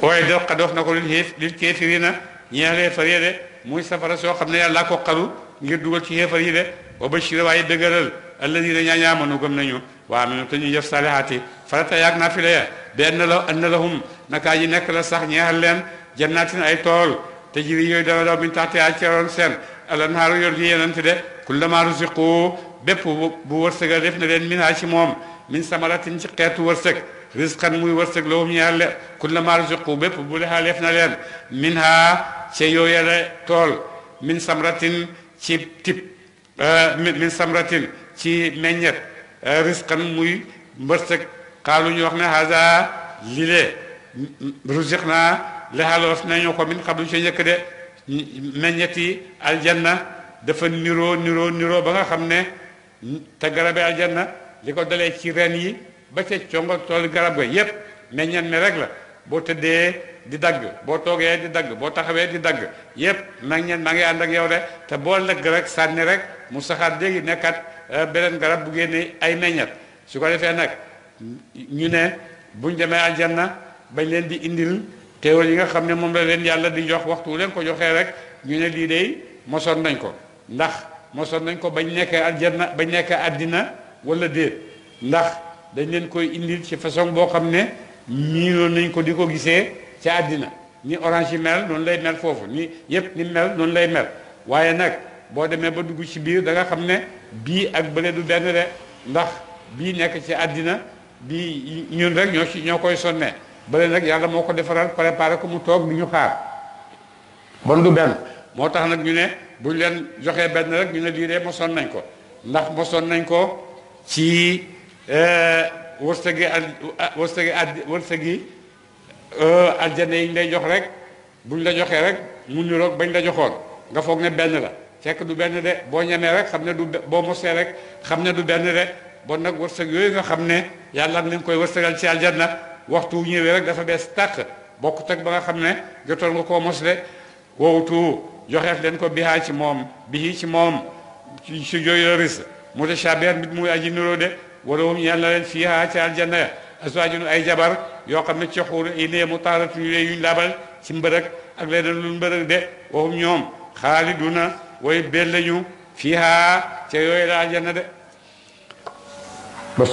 waaye def xa doof na ko lil xéef lil kéefiri na ñeexal xéefar yi de muy safara soo xam ne yàlla ko xaru ngir dugal ci xéefar yi de wa bashira waaye dëgëral alladina ñaañaa manu gëm nañu waa minu te ñu jëf saalihaati farata yaag naa fi la ya be la anna lahum naka ji nekk la sax ñeexal leen jannaatin ay tool te jiri yooyu dana daw min taxte yaa ceroon seen alanhaaru yor gi yenante de kullama rusiqu bépp bu wërsëgal def na leen min haa ci moom min samaratin ci xeetu wërsëg risqan muy wërsëg lawum ñeel le kullama ruziqu bépp bu lehaa def na leen min haa ca yooyale tool min samratin ci tib min samratin ci meññet risqan muy wërsëg xaalu ñu wax ne haza lile ruziq naa lehaloos nañu ko min xablu ca njëkk de meññet yi aljanna dafa niroo niroo niroo ba nga xam ne te garabe na li ko dalee ci ren yi ba ca congo toolu garab ga yépp meññan mi rek la boo tëddee di dagg boo toogee di dagg boo taxawee di dagg yépp nag ñen maa ngi ànd ak yow de te boo lëgg rek sànni rek mu saxaat dégg nekkat euh, beneen garab bu génne ay meññat su ko defee nag ñu ne buñ demee na bañ leen di indil teewal yi nga xam ne moom la leen yàlla di jox waxtu leen ko joxee rek ñu ne lii de mosoon nañ ko ndax mosoon nañ ko bañ nekk aljanna bañ nekk àddina wala déet ndax dañ leen koy indil ci façon boo xam ne miinoon nañ ko di ko gisee ci àddina ni orange mel noonu lay mel foofu ni yëpp ni mel noonu lay mel waaye nag boo demee ba dugg ci biir danga xam ne bii ak bële du benn de ndax bii nekk ci àddina bii ñun rek ñoo ci ñoo koy sonne bële nag yàlla moo ko defaral préparé ko mu toog du ñu xaar bon du benn moo tax nag ñu ne buñ leen joxee benn rek ñu ne lii de mosoon nañ ko ndax mosoon nañ ko ci euh, wërsëgi ak euh, wërsëgi ak wërsëgi euh, aljanna yi ñu lay jox rek buñ la joxee rek mu niroog bañ la joxoon nga foog ne benn la fekk du benn de boo ñemee rek xam ne du boo mosee rek xam ne du benn de bon nag wërsëg yooyu nga xam ne yàlla nañ koy wërsëgal ci aljanna waxtu ñëwee rek dafa bees tàq bokkut ak ba nga xam ne jotoon nga koo mos de wowutu joxeef leen ko bihaa ci moom bihi ci moom ci jooyu ris mutashabihat mbit muy aji de wala wum ñeel na leen fiihaa ci aljanna ya aswaajun ay jabar yoo xam ne ci xuur i ne mu taaratu ñu yuñ labal ci mbërëg ak leneen lu mbërëg de waxum ñoom xaaliduna way bel lañu fiihaa ca yooyu de koo